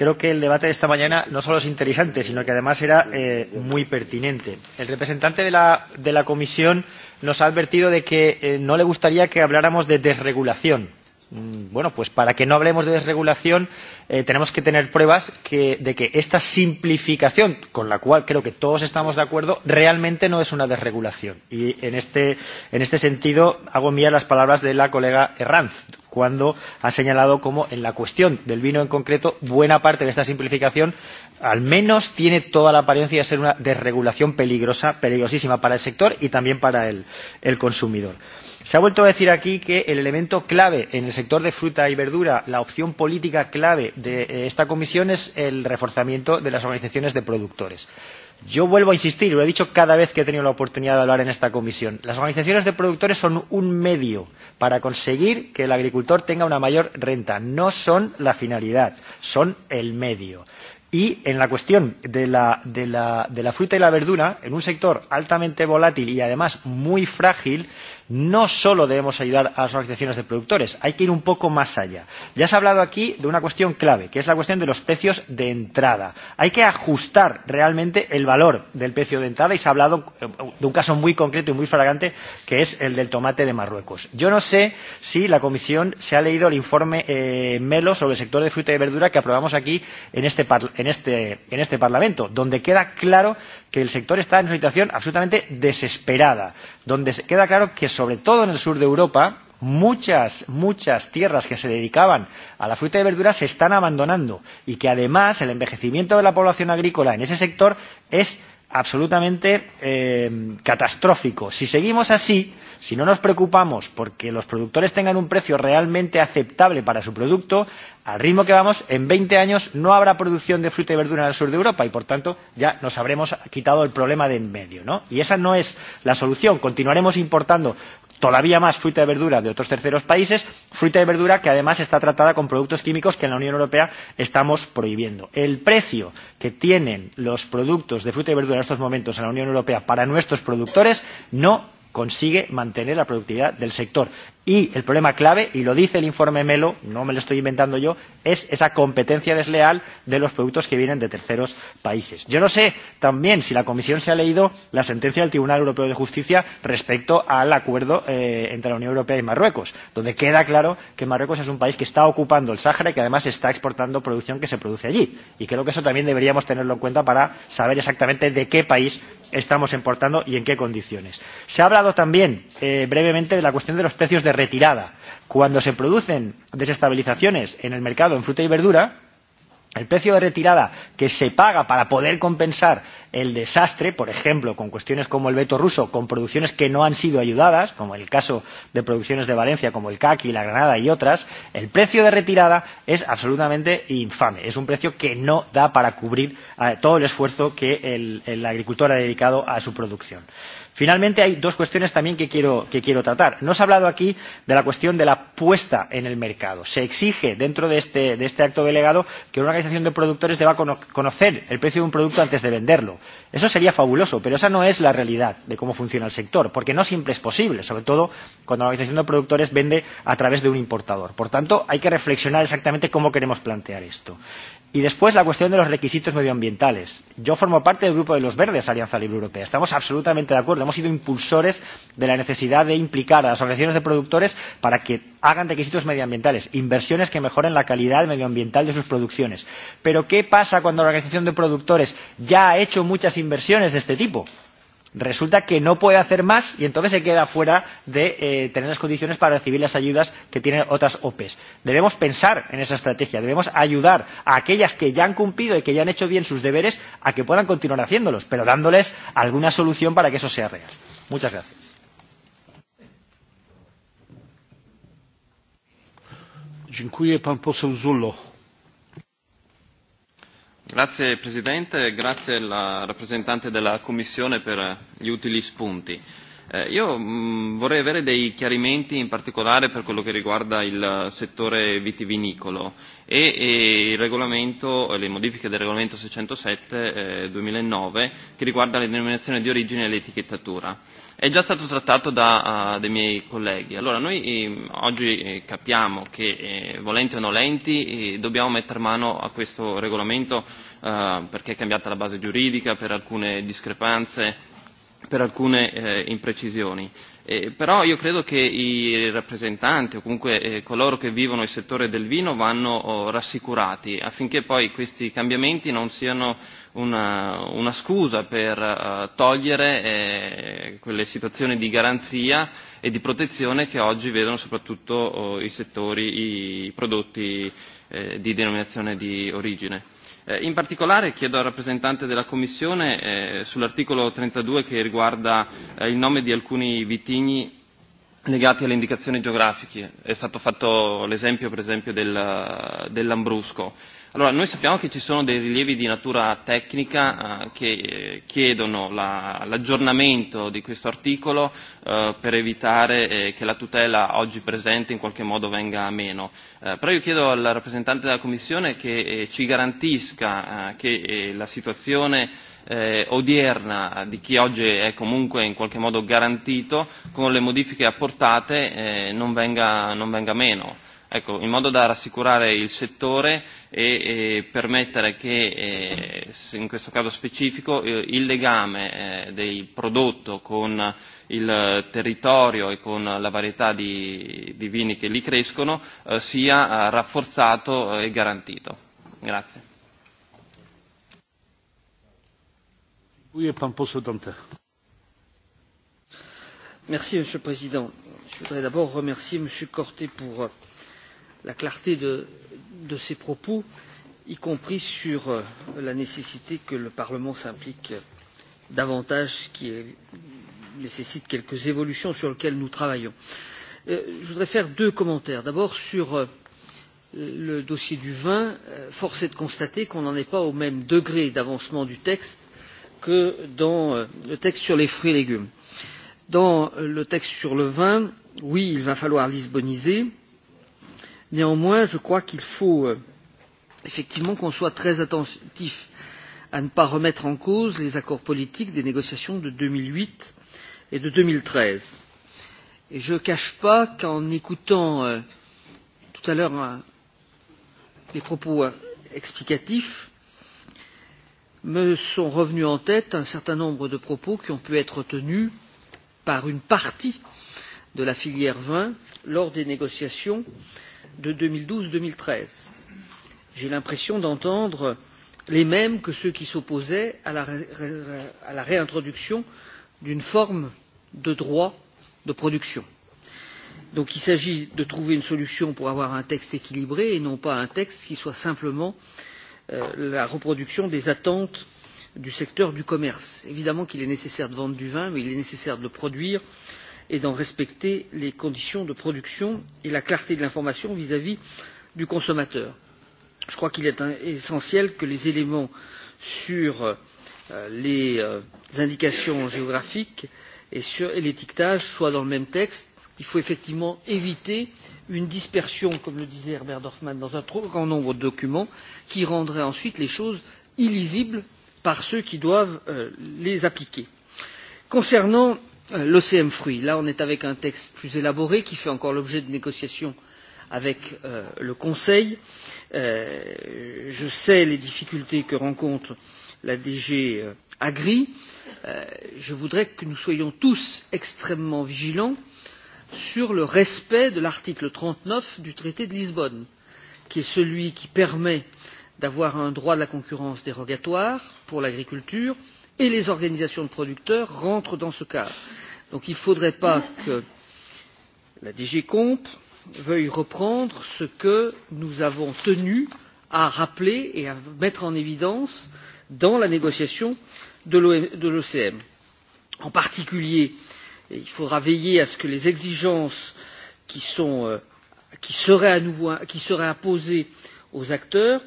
Creo que el debate de esta mañana no solo es interesante, sino que además era eh, muy pertinente. El representante de la, de la Comisión nos ha advertido de que eh, no le gustaría que habláramos de desregulación. Mm, bueno, pues para que no hablemos de desregulación eh, tenemos que tener pruebas que, de que esta simplificación, con la cual creo que todos estamos de acuerdo, realmente no es una desregulación. Y en este, en este sentido hago mía las palabras de la colega Herranz, cuando ha señalado cómo en la cuestión del vino en concreto buena parte de esta simplificación al menos tiene toda la apariencia de ser una desregulación peligrosa, peligrosísima para el sector y también para el, el consumidor. Se ha vuelto a decir aquí que el elemento clave en el sector de fruta y verdura, la opción política clave de eh, esta comisión es el reforzamiento de las organizaciones de productores. Yo vuelvo a insistir, lo he dicho cada vez que he tenido la oportunidad de hablar en esta comisión. Las organizaciones de productores son un medio para conseguir que el agricultor tenga una mayor renta. No son la finalidad, son el medio. Y en la cuestión de la, de, la, de la fruta y la verdura, en un sector altamente volátil y además muy frágil, no solo debemos ayudar a las organizaciones de productores, hay que ir un poco más allá. Ya se ha hablado aquí de una cuestión clave, que es la cuestión de los precios de entrada. Hay que ajustar realmente el valor del precio de entrada y se ha hablado eh, de un caso muy concreto y muy flagrante, que es el del tomate de Marruecos. Yo no sé si la Comisión se ha leído el informe eh, Melo sobre el sector de fruta y verdura que aprobamos aquí en este, en este, en este Parlamento, donde queda claro que el sector está en una situación absolutamente desesperada, donde queda claro que sobre todo en el sur de Europa, muchas, muchas tierras que se dedicaban a la fruta y verdura se están abandonando y que además el envejecimiento de la población agrícola en ese sector es absolutamente eh, catastrófico. Si seguimos así, si no nos preocupamos porque los productores tengan un precio realmente aceptable para su producto, al ritmo que vamos, en 20 años no habrá producción de fruta y verdura en el sur de Europa y, por tanto, ya nos habremos quitado el problema de en medio. ¿no? Y esa no es la solución. Continuaremos importando todavía más fruta y verdura de otros terceros países, fruta y verdura que además está tratada con productos químicos que en la Unión Europea estamos prohibiendo. El precio que tienen los productos de fruta y verdura en estos momentos en la Unión Europea para nuestros productores no consigue mantener la productividad del sector. Y el problema clave, y lo dice el informe Melo, no me lo estoy inventando yo, es esa competencia desleal de los productos que vienen de terceros países. Yo no sé también si la Comisión se ha leído la sentencia del Tribunal Europeo de Justicia respecto al acuerdo eh, entre la Unión Europea y Marruecos, donde queda claro que Marruecos es un país que está ocupando el Sáhara y que además está exportando producción que se produce allí. Y creo que eso también deberíamos tenerlo en cuenta para saber exactamente de qué país estamos importando y en qué condiciones. Se ha hablado también eh, brevemente de la cuestión de los precios de de retirada. Cuando se producen desestabilizaciones en el mercado en fruta y verdura, el precio de retirada que se paga para poder compensar el desastre, por ejemplo, con cuestiones como el veto ruso, con producciones que no han sido ayudadas, como el caso de producciones de Valencia, como el caqui, la granada y otras, el precio de retirada es absolutamente infame. Es un precio que no da para cubrir eh, todo el esfuerzo que el, el agricultor ha dedicado a su producción. Finalmente, hay dos cuestiones también que quiero, que quiero tratar. No se ha hablado aquí de la cuestión de la puesta en el mercado. Se exige dentro de este, de este acto delegado que una organización de productores deba cono conocer el precio de un producto antes de venderlo. Eso sería fabuloso, pero esa no es la realidad de cómo funciona el sector, porque no siempre es posible, sobre todo cuando la organización de productores vende a través de un importador. Por tanto, hay que reflexionar exactamente cómo queremos plantear esto. Y después la cuestión de los requisitos medioambientales. Yo formo parte del grupo de los verdes, Alianza Libre Europea. Estamos absolutamente de acuerdo. Hemos sido impulsores de la necesidad de implicar a las organizaciones de productores para que hagan requisitos medioambientales, inversiones que mejoren la calidad medioambiental de sus producciones. Pero ¿qué pasa cuando la organización de productores ya ha hecho muchas inversiones de este tipo? resulta que no puede hacer más y entonces se queda fuera de eh, tener las condiciones para recibir las ayudas que tienen otras OPE. Debemos pensar en esa estrategia, debemos ayudar a aquellas que ya han cumplido y que ya han hecho bien sus deberes a que puedan continuar haciéndolos, pero dándoles alguna solución para que eso sea real. Muchas gracias. Dziękuję pan poseł Zullo. Grazie Presidente, e grazie alla rappresentante della Commissione per gli utili spunti. Eh, io mh, mm, vorrei avere dei chiarimenti in particolare per quello che riguarda il settore vitivinicolo e, e il regolamento, le modifiche del regolamento 607-2009 eh, che riguarda le denominazioni di origine e l'etichettatura. È già stato trattato da, uh, eh, dai miei colleghi. Allora, noi eh, oggi eh, capiamo che, eh, volenti o nolenti, eh, dobbiamo mettere mano a questo regolamento uh, perché è cambiata la base giuridica, per alcune discrepanze, per alcune eh, imprecisioni. Eh, però io credo che i rappresentanti o comunque eh, coloro che vivono il settore del vino vanno oh, rassicurati affinché poi questi cambiamenti non siano una, una scusa per uh, togliere eh, quelle situazioni di garanzia e di protezione che oggi vedono soprattutto oh, i settori, i prodotti eh, di denominazione di origine. Eh, in particolare chiedo al rappresentante della Commissione eh, sull'articolo 32 che riguarda eh, il nome di alcuni vitigni legati alle indicazioni geografiche. È stato fatto l'esempio per esempio del, dell'Ambrusco Eh, Allora, noi sappiamo che ci sono dei rilievi di natura tecnica eh, che eh, chiedono la, l'aggiornamento di questo articolo eh, per evitare eh, che la tutela oggi presente in qualche modo venga a meno. Eh, però io chiedo al rappresentante della Commissione che eh, ci garantisca eh, che eh, la situazione eh, odierna di chi oggi è comunque in qualche modo garantito con le modifiche apportate eh, non, venga, non venga meno Ecco, in modo da rassicurare il settore e, e permettere che, eh, in questo caso specifico, eh, il legame eh, del prodotto con il territorio e con la varietà di, di vini che lì crescono eh, sia eh, rafforzato eh, e garantito. Grazie. Oui, Merci, Monsieur le Président. Je voudrais d'abord remercier Monsieur Corté pour euh, la clarté de, ses propos, y compris sur euh, la nécessité que le Parlement s'implique davantage, ce qui nécessite quelques évolutions sur lesquelles nous travaillons. Euh, je voudrais faire deux commentaires. D'abord, sur euh, le dossier du vin, force est de constater qu'on n'en est pas au même degré d'avancement du texte que dans le texte sur les fruits et légumes. Dans le texte sur le vin, oui, il va falloir lisboniser, néanmoins je crois qu'il faut euh, effectivement qu'on soit très attentif à ne pas remettre en cause les accords politiques des négociations de deux mille huit et de deux mille treize et je ne cache pas qu'en écoutant euh, tout à l'heure les propos euh, explicatifs me sont revenus en tête un certain nombre de propos qui ont pu être tenus par une partie de la filière vin lors des négociations euh, de deux mille douze deux mille treize j'ai l'impression d'entendre les mêmes que ceux qui s'opposaient à la, réintroduction d'une forme de droit de production. il s'agit donc de trouver une solution pour avoir un texte équilibré et non pas un texte qui soit simplement euh, la reproduction des attentes du secteur du commerce. évidemment qu'il est nécessaire de vendre du vin mais il est nécessaire de le produire et et d'en respecter les conditions de production et la clarté de l'information vis à vis du consommateur. je crois qu'il est essentiel que les éléments sur euh, les euh, indications géographiques et, sur, l'étiquetage soient dans le même texte. il faut effectivement éviter une dispersion comme le disait herbert dorfmann dans un trop grand nombre de documents qui rendrait ensuite les choses illisibles par ceux qui doivent euh, les appliquer. concernant Euh, l'ocm fruits. là on est avec un texte plus élaboré qui fait encore l'objet de négociations avec euh, le conseil. Euh, je sais les difficultés que rencontre la dg agri. je voudrais que nous soyons tous extrêmement vigilants sur le respect de l'article trente neuf du traité de lisbonne qui est celui qui permet d'avoir un droit de la concurrence dérogatoire pour l'agriculture et les organisations de producteurs rentrent dans ce cadre. Donc, il ne faudrait pas que la dg comp veuille reprendre ce que nous avons tenu à rappeler et à mettre en évidence dans la négociation de l'ocm. en particulier il faudra veiller à ce que les exigences qui, sont, euh, qui, seraient, à nouveau, qui seraient imposées aux acteurs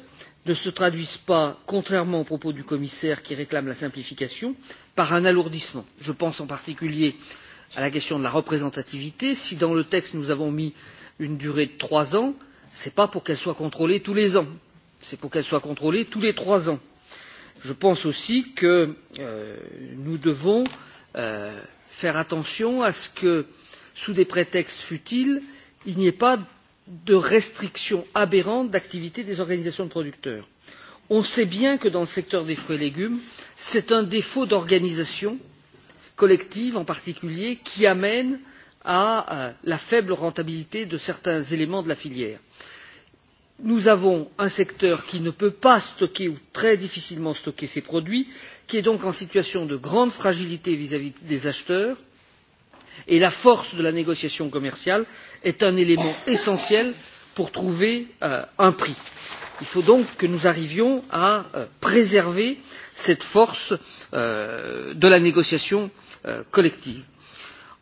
ne se traduise pas contrairement aux propos du commissaire qui réclame la simplification par un alourdissement. je pense en particulier à la question de la représentativité. si dans le texte nous avons mis une durée de trois ans ce n'est pas pour qu'elle soit contrôlée tous les ans c'est pour qu'elle soit contrôlée tous les trois ans. je pense aussi que euh, nous devons euh, faire attention à ce que sous des prétextes futiles il n'y ait pas de restriction aberrante d'activité des organisations de producteurs. on sait bien que dans le secteur des fruits et légumes c'est un défaut d'organisation collective en particulier qui amène à euh, la faible rentabilité de certains éléments de la filière. nous avons un secteur qui ne peut pas stocker ou très difficilement stocker ses produits qui est donc en situation de grande fragilité vis à vis des acheteurs et et la force de la négociation commerciale est un élément essentiel pour trouver euh, un prix. il faut donc que nous arrivions à euh, préserver cette force euh, de la négociation collective.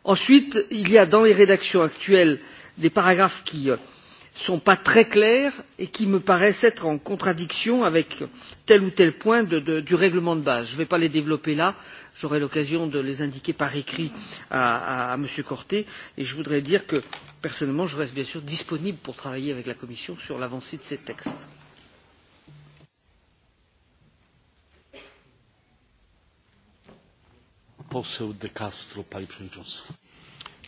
ensuite il y a dans les rédactions actuelles des paragraphes qui ne sont pas très clairs et qui me paraissent être en contradiction avec tel ou tel point de, de, du règlement de base. je ne vais pas les développer là j'aurai l'occasion de les indiquer par écrit à, à, à M. Corté. Et je voudrais dire que, personnellement, je reste bien sûr disponible pour travailler avec la Commission sur l'avancée de ces textes.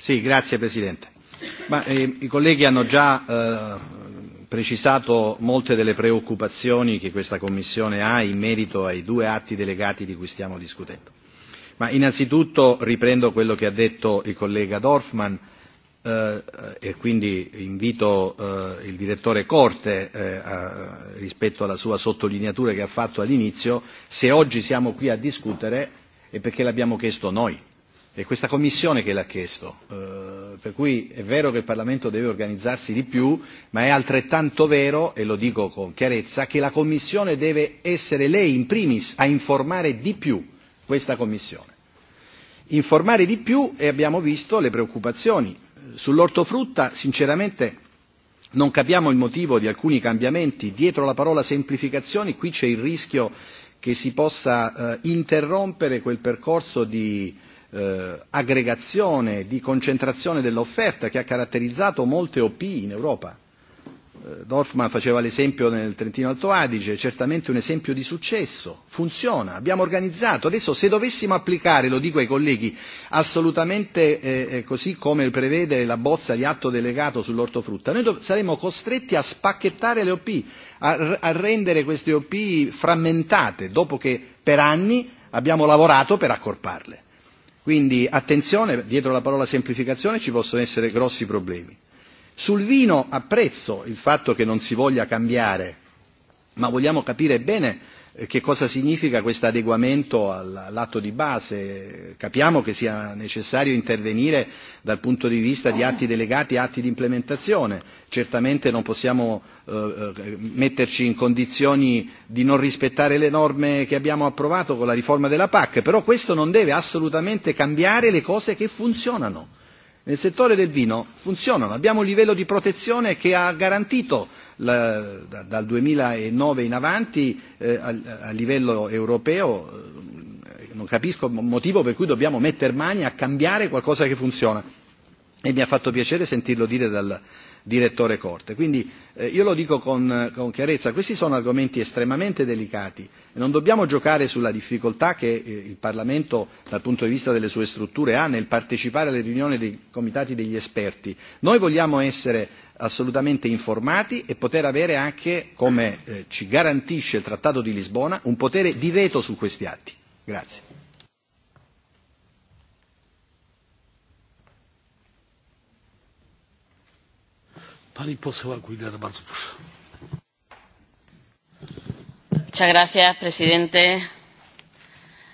Sì, grazie Presidente. Ma, eh, I colleghi hanno già eh, precisato molte delle preoccupazioni che questa Commissione ha in merito ai due atti delegati di cui stiamo discutendo Ma innanzitutto riprendo quello che ha detto il collega dorfmann eh, e quindi invito eh, il direttore Corte eh, rispetto alla sua sottolineatura che ha fatto all'inizio, se oggi siamo qui a discutere è perché l'abbiamo chiesto noi. È questa Commissione che l'ha chiesto, per cui è vero che il Parlamento deve organizzarsi di più, ma è altrettanto vero, e lo dico con chiarezza, che la Commissione deve essere lei in primis a informare di più questa Commissione. Informare di più e abbiamo visto le preoccupazioni. Sull'ortofrutta sinceramente non capiamo il motivo di alcuni cambiamenti. Dietro la parola semplificazioni qui c'è il rischio che si possa eh, interrompere quel percorso di eh, aggregazione, di concentrazione dell'offerta che ha caratterizzato molte OP in Europa Dorfman faceva l'esempio nel Trentino Alto Adige, certamente un esempio di successo, funziona, abbiamo organizzato. Adesso se dovessimo applicare, lo dico ai colleghi, assolutamente eh, eh così come prevede la bozza di atto delegato sull'ortofrutta, noi saremmo costretti a spacchettare le OP, a, a rendere queste OP frammentate, dopo che per anni abbiamo lavorato per accorparle. Quindi attenzione, dietro la parola semplificazione ci possono essere grossi problemi. Sul vino apprezzo il fatto che non si voglia cambiare, ma vogliamo capire bene eh, che cosa significa questo adeguamento all'atto di base. Capiamo che sia necessario intervenire dal punto di vista di atti delegati e atti di implementazione. Certamente non possiamo eh, eh, metterci in condizioni di non rispettare le norme che abbiamo approvato con la riforma della PAC, però questo non deve assolutamente cambiare le cose che funzionano nel settore del vino funzionano abbiamo un livello di protezione che ha garantito la, da, dal 2009 in avanti eh, a, a livello europeo eh, non capisco il motivo per cui dobbiamo mettere mani a cambiare qualcosa che funziona e mi ha fatto piacere sentirlo dire dal, direttore Corte. Quindi eh, io lo dico con, con chiarezza, questi sono argomenti estremamente delicati e non dobbiamo giocare sulla difficoltà che eh, il Parlamento dal punto di vista delle sue strutture ha nel partecipare alle riunioni dei comitati degli esperti. Noi vogliamo essere assolutamente informati e poter avere anche, come eh, ci garantisce il Trattato di Lisbona, un potere di veto su questi atti. Grazie. señor presidente quiero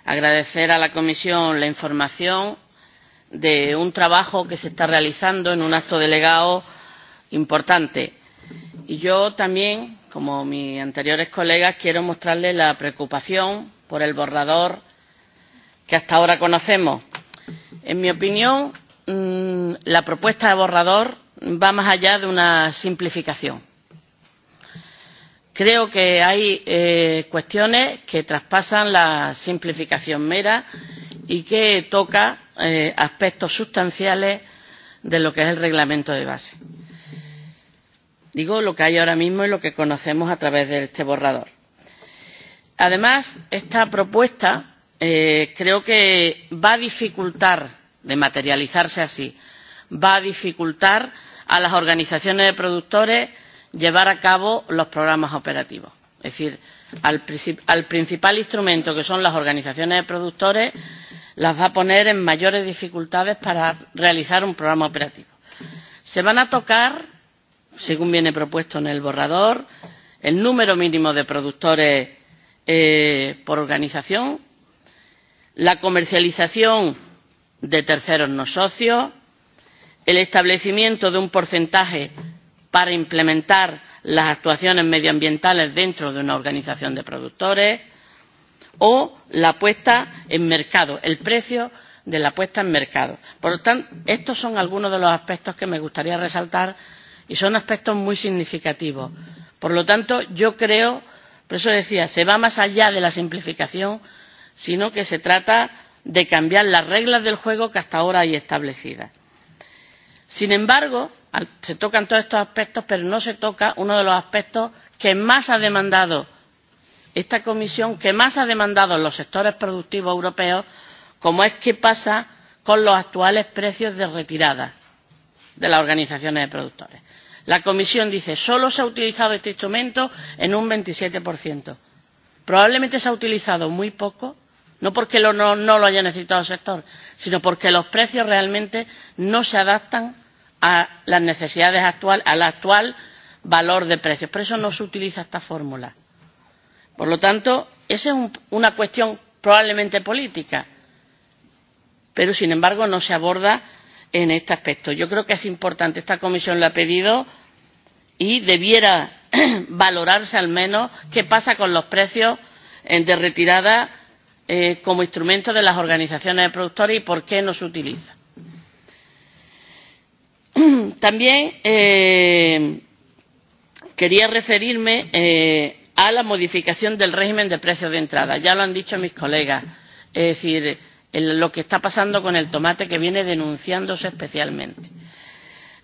Agradecer a la Comisión la información de un trabajo que se está realizando en un acto delegado importante. Y yo también, como mis anteriores colegas, quiero mostrarle la preocupación por el borrador que hasta ahora conocemos. En mi opinión, mm, la propuesta de borrador va más allá de una simplificación. Creo que hay eh, cuestiones que traspasan la simplificación mera y que toca eh, aspectos sustanciales de lo que es el reglamento de base. Digo lo que hay ahora mismo y lo que conocemos a través de este borrador. Además, esta propuesta eh, creo que va a dificultar, de materializarse así, va a dificultar a las organizaciones de productores llevar a cabo los programas operativos. Es decir, al, al principal instrumento que son las organizaciones de productores las va a poner en mayores dificultades para realizar un programa operativo. Se van a tocar, según viene propuesto en el borrador, el número mínimo de productores eh, por organización, la comercialización de terceros no socios, el establecimiento de un porcentaje para implementar las actuaciones medioambientales dentro de una organización de productores o la puesta en mercado el precio de la puesta en mercado. por lo tanto estos son algunos de los aspectos que me gustaría resaltar y son aspectos muy significativos. por lo tanto yo creo por eso decía se va más allá de la simplificación sino que se trata de cambiar las reglas del juego que hasta ahora hay establecidas sin embargo se tocan todos estos aspectos pero no se toca uno de los aspectos que más ha demandado esta comisión que más han demandado los sectores productivos europeos como es qué pasa con los actuales precios de retirada de las organizaciones de productores. la comisión dice solo se ha utilizado este instrumento en un veintisiete probablemente se ha utilizado muy poco no porque no lo haya necesitado el sector sino porque los precios realmente no se adaptan a las necesidades actuales, al actual valor de precios. Por eso no se utiliza esta fórmula. Por lo tanto, esa es un, una cuestión probablemente política, pero sin embargo no se aborda en este aspecto. Yo creo que es importante. Esta comisión lo ha pedido y debiera (clears throat) valorarse al menos qué pasa con los precios de retirada eh, como instrumento de las organizaciones de productores y por qué no se utiliza. (clears throat) también eh, quería referirme eh, a la modificación del régimen de precios de entrada. Ya lo han dicho mis colegas. Es decir, lo que está pasando con el tomate que viene denunciándose especialmente.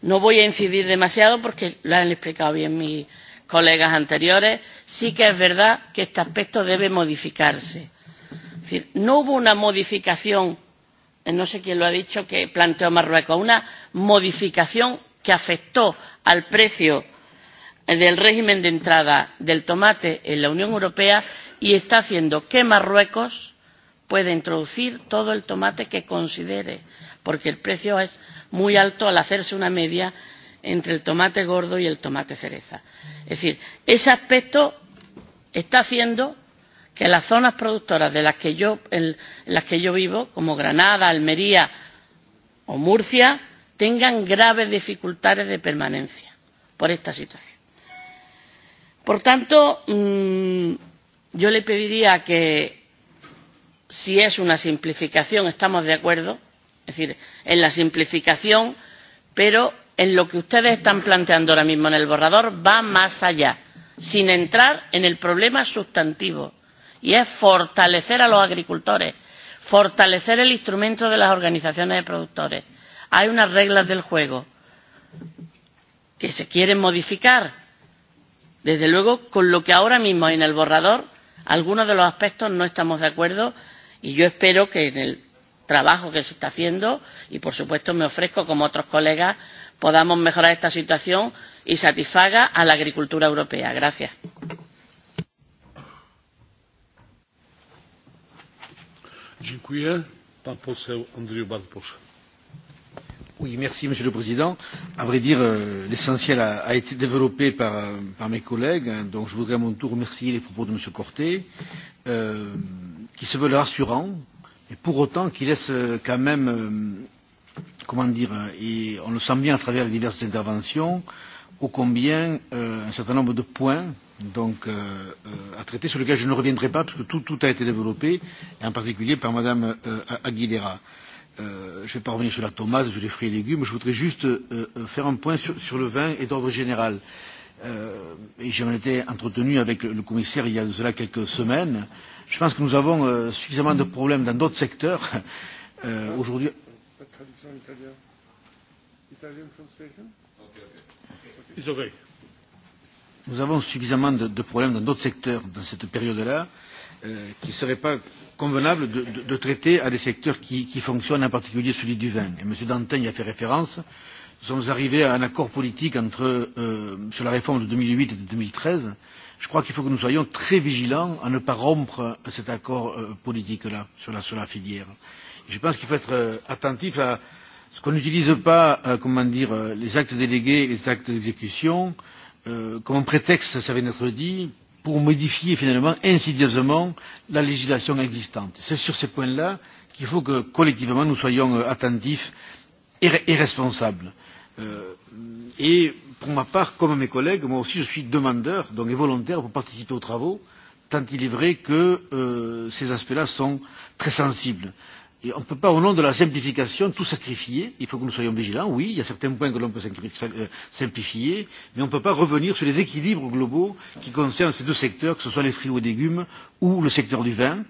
No voy a incidir demasiado porque lo han explicado bien mis colegas anteriores. Sí que es verdad que este aspecto debe modificarse. Es decir, no hubo una modificación Eh, no sé quién lo ha dicho que planteó Marruecos, una modificación que afectó al precio eh, del régimen de entrada del tomate en la Unión Europea y está haciendo que Marruecos pueda introducir todo el tomate que considere, porque el precio es muy alto al hacerse una media entre el tomate gordo y el tomate cereza. Es decir, ese aspecto está haciendo que las zonas productoras de las que yo, en las que yo vivo, como Granada, Almería o Murcia, tengan graves dificultades de permanencia por esta situación. Por tanto, mmm, yo le pediría que, si es una simplificación, estamos de acuerdo, es decir, en la simplificación, pero en lo que ustedes están planteando ahora mismo en el borrador va más allá, sin entrar en el problema sustantivo y es fortalecer a los agricultores, fortalecer el instrumento de las organizaciones de productores. Hay unas reglas del juego que se quieren modificar. Desde luego, con lo que ahora mismo hay en el borrador, algunos de los aspectos no estamos de acuerdo y yo espero que en el trabajo que se está haciendo y por supuesto me ofrezco como otros colegas podamos mejorar esta situación y satisfaga a la agricultura europea. Gracias. Monsieur le Président. À vrai dire, euh, l'essentiel a, été développé par, euh, mes collègues, donc je voudrais à mon tour remercier les propos de M. Corté, euh, qui se veulent rassurants, et pour autant qui laissent quand même, comment dire, et on le sent bien à travers les diverses interventions, un certain nombre de euh, ô combien euh, un certain nombre de points donc, euh, euh à traiter sur lesquels je ne reviendrai pas parce que tout, tout a été développé, et en particulier par Mme euh, Aguilera. Euh, je ne vais pas revenir sur la tomate, sur les fruits et légumes, mais je voudrais juste euh, euh, faire un point sur, sur le vin et d'ordre général. Euh, et j'en étais entretenu avec le commissaire il y a de cela quelques semaines. Je pense que nous avons euh, suffisamment de problèmes dans d'autres secteurs. (laughs) Euh, Aujourd'hui. Pas de traduction italienne. Italian translation? Okay, okay. Nous avons suffisamment de, de problèmes dans d'autres secteurs dans cette période-là euh, qu'il ne serait pas convenable de, de, de traiter à des secteurs qui, qui fonctionnent, en particulier celui du vin. Et M. Dantin y a fait référence. Nous sommes arrivés à un accord politique entre, euh, sur la réforme de 2008 et de 2013. Je crois qu'il faut que nous soyons très vigilants à ne pas rompre euh, cet accord euh, politique-là sur la, sur la filière. Je pense qu'il faut être euh, attentif à, ce qu'on n'utilise pas euh, comment dire euh, les actes délégués et les actes d'exécution euh, comme prétexte ça vient d'être dit pour modifier finalement insidieusement la législation existante. C'est sur ces points là qu'il faut que collectivement nous soyons euh, attentifs et, et responsables. Euh, et pour ma part, comme mes collègues, moi aussi je suis demandeur donc et volontaire pour participer aux travaux, tant il est vrai que euh, ces aspects là sont très sensibles. Et on ne peut pas, au nom de la simplification, tout sacrifier. Il faut que nous soyons vigilants. Oui, il y a certains points que l'on peut euh, simplifier, mais on ne peut pas revenir sur les équilibres globaux qui concernent ces deux secteurs, que ce soit les fruits ou les légumes ou le secteur du vin.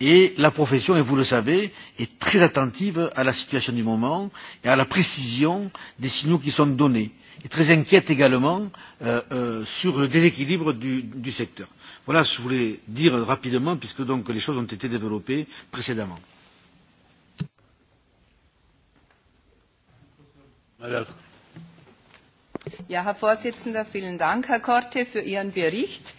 Et la profession, et vous le savez, est très attentive à la situation du moment et à la précision des signaux qui sont donnés. Et très inquiète également euh, euh, sur le déséquilibre du, du secteur. Voilà ce que je voulais dire rapidement, puisque donc les choses ont été développées précédemment. Ja, Herr Vorsitzender, vielen Dank, Herr Korte, für Ihren Bericht.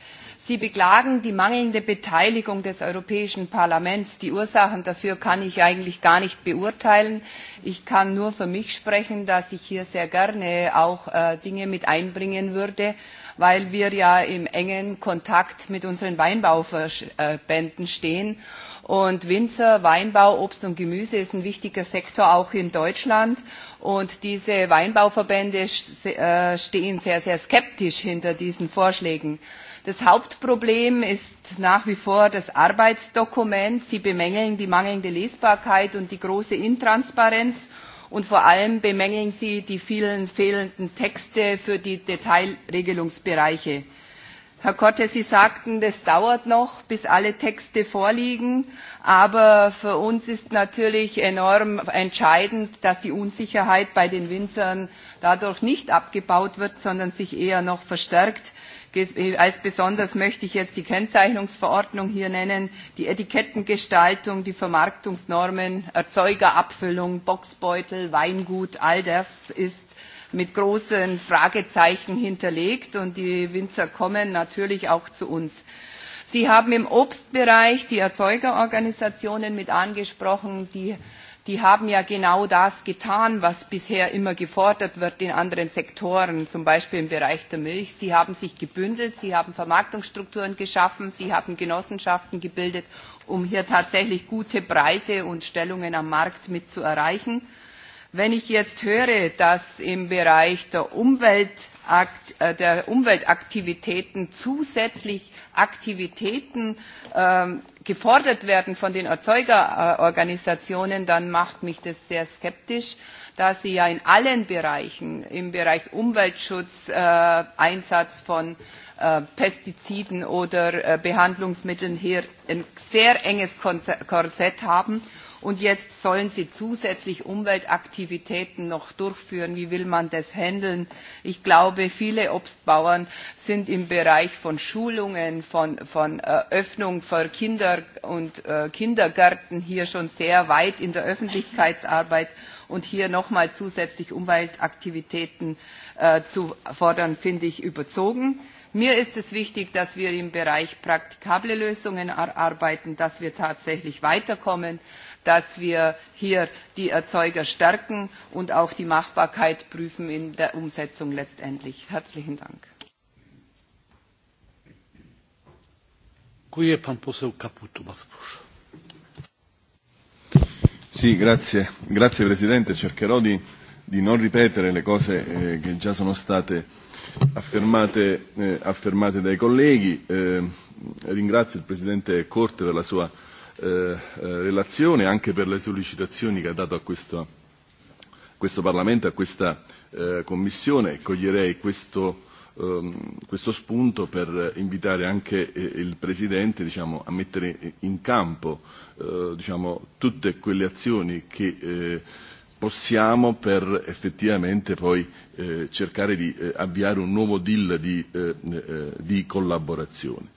Sie beklagen die mangelnde Beteiligung des Europäischen Parlaments. Die Ursachen dafür kann ich eigentlich gar nicht beurteilen. Ich kann nur für mich sprechen, dass ich hier sehr gerne auch äh, Dinge mit einbringen würde, weil wir ja im engen Kontakt mit unseren Weinbauverbänden stehen Und Winzer, Weinbau, Obst und Gemüse ist ein wichtiger Sektor auch in Deutschland. Und diese Weinbauverbände äh, stehen sehr, sehr skeptisch hinter diesen Vorschlägen. Das Hauptproblem ist nach wie vor das Arbeitsdokument. Sie bemängeln die mangelnde Lesbarkeit und die große Intransparenz. Und vor allem bemängeln sie die vielen fehlenden Texte für die Detailregelungsbereiche Herr Korte, Sie sagten, das dauert noch, bis alle Texte vorliegen. Aber für uns ist natürlich enorm entscheidend, dass die Unsicherheit bei den Winzern dadurch nicht abgebaut wird, sondern sich eher noch verstärkt. Als besonders möchte ich jetzt die Kennzeichnungsverordnung hier nennen, die Etikettengestaltung, die Vermarktungsnormen, Erzeugerabfüllung, Boxbeutel, Weingut, all das ist mit großen Fragezeichen hinterlegt. Und die Winzer kommen natürlich auch zu uns. Sie haben im Obstbereich die Erzeugerorganisationen mit angesprochen, die die haben ja genau das getan, was bisher immer gefordert wird in anderen Sektoren, zum Beispiel im Bereich der Milch. Sie haben sich gebündelt, sie haben Vermarktungsstrukturen geschaffen, sie haben Genossenschaften gebildet, um hier tatsächlich gute Preise und Stellungen am Markt mit zu erreichen. Wenn ich jetzt höre, dass im Bereich der, Umweltakt, äh, der Umweltaktivitäten zusätzlich Aktivitäten äh, gefordert werden von den Erzeugerorganisationen, dann macht mich das sehr skeptisch da sie ja in allen Bereichen, im Bereich Umweltschutz, äh, Einsatz von äh, Pestiziden oder äh, Behandlungsmitteln hier ein sehr enges Korsett haben und jetzt sollen sie zusätzlich umweltaktivitäten noch durchführen wie will man das handeln? ich glaube viele obstbauern sind im bereich von schulungen von, von äh, öffnung für kinder und äh, kindergärten hier schon sehr weit in der öffentlichkeitsarbeit und hier nochmal zusätzlich umweltaktivitäten äh, zu fordern finde ich überzogen. mir ist es wichtig dass wir im bereich praktikable lösungen arbeiten dass wir tatsächlich weiterkommen dass wir hier die Erzeuger stärken und auch die Machbarkeit prüfen in der Umsetzung letztendlich. Herzlichen Dank. Sì, grazie. grazie Presidente. Cercherò di, di non ripetere le cose eh, che già sono state affermate, eh, affermate dai colleghi. Eh, ringrazio il Presidente Corte per la sua Eh, eh, relazione, anche per le sollecitazioni che ha dato a questo, a questo Parlamento, e a questa eh, Commissione. Coglierei questo, ehm, questo spunto per invitare anche eh, il Presidente diciamo, a mettere in campo eh, diciamo, tutte quelle azioni che eh, possiamo per effettivamente poi eh, cercare di eh, avviare un nuovo deal di, eh, eh, di collaborazione.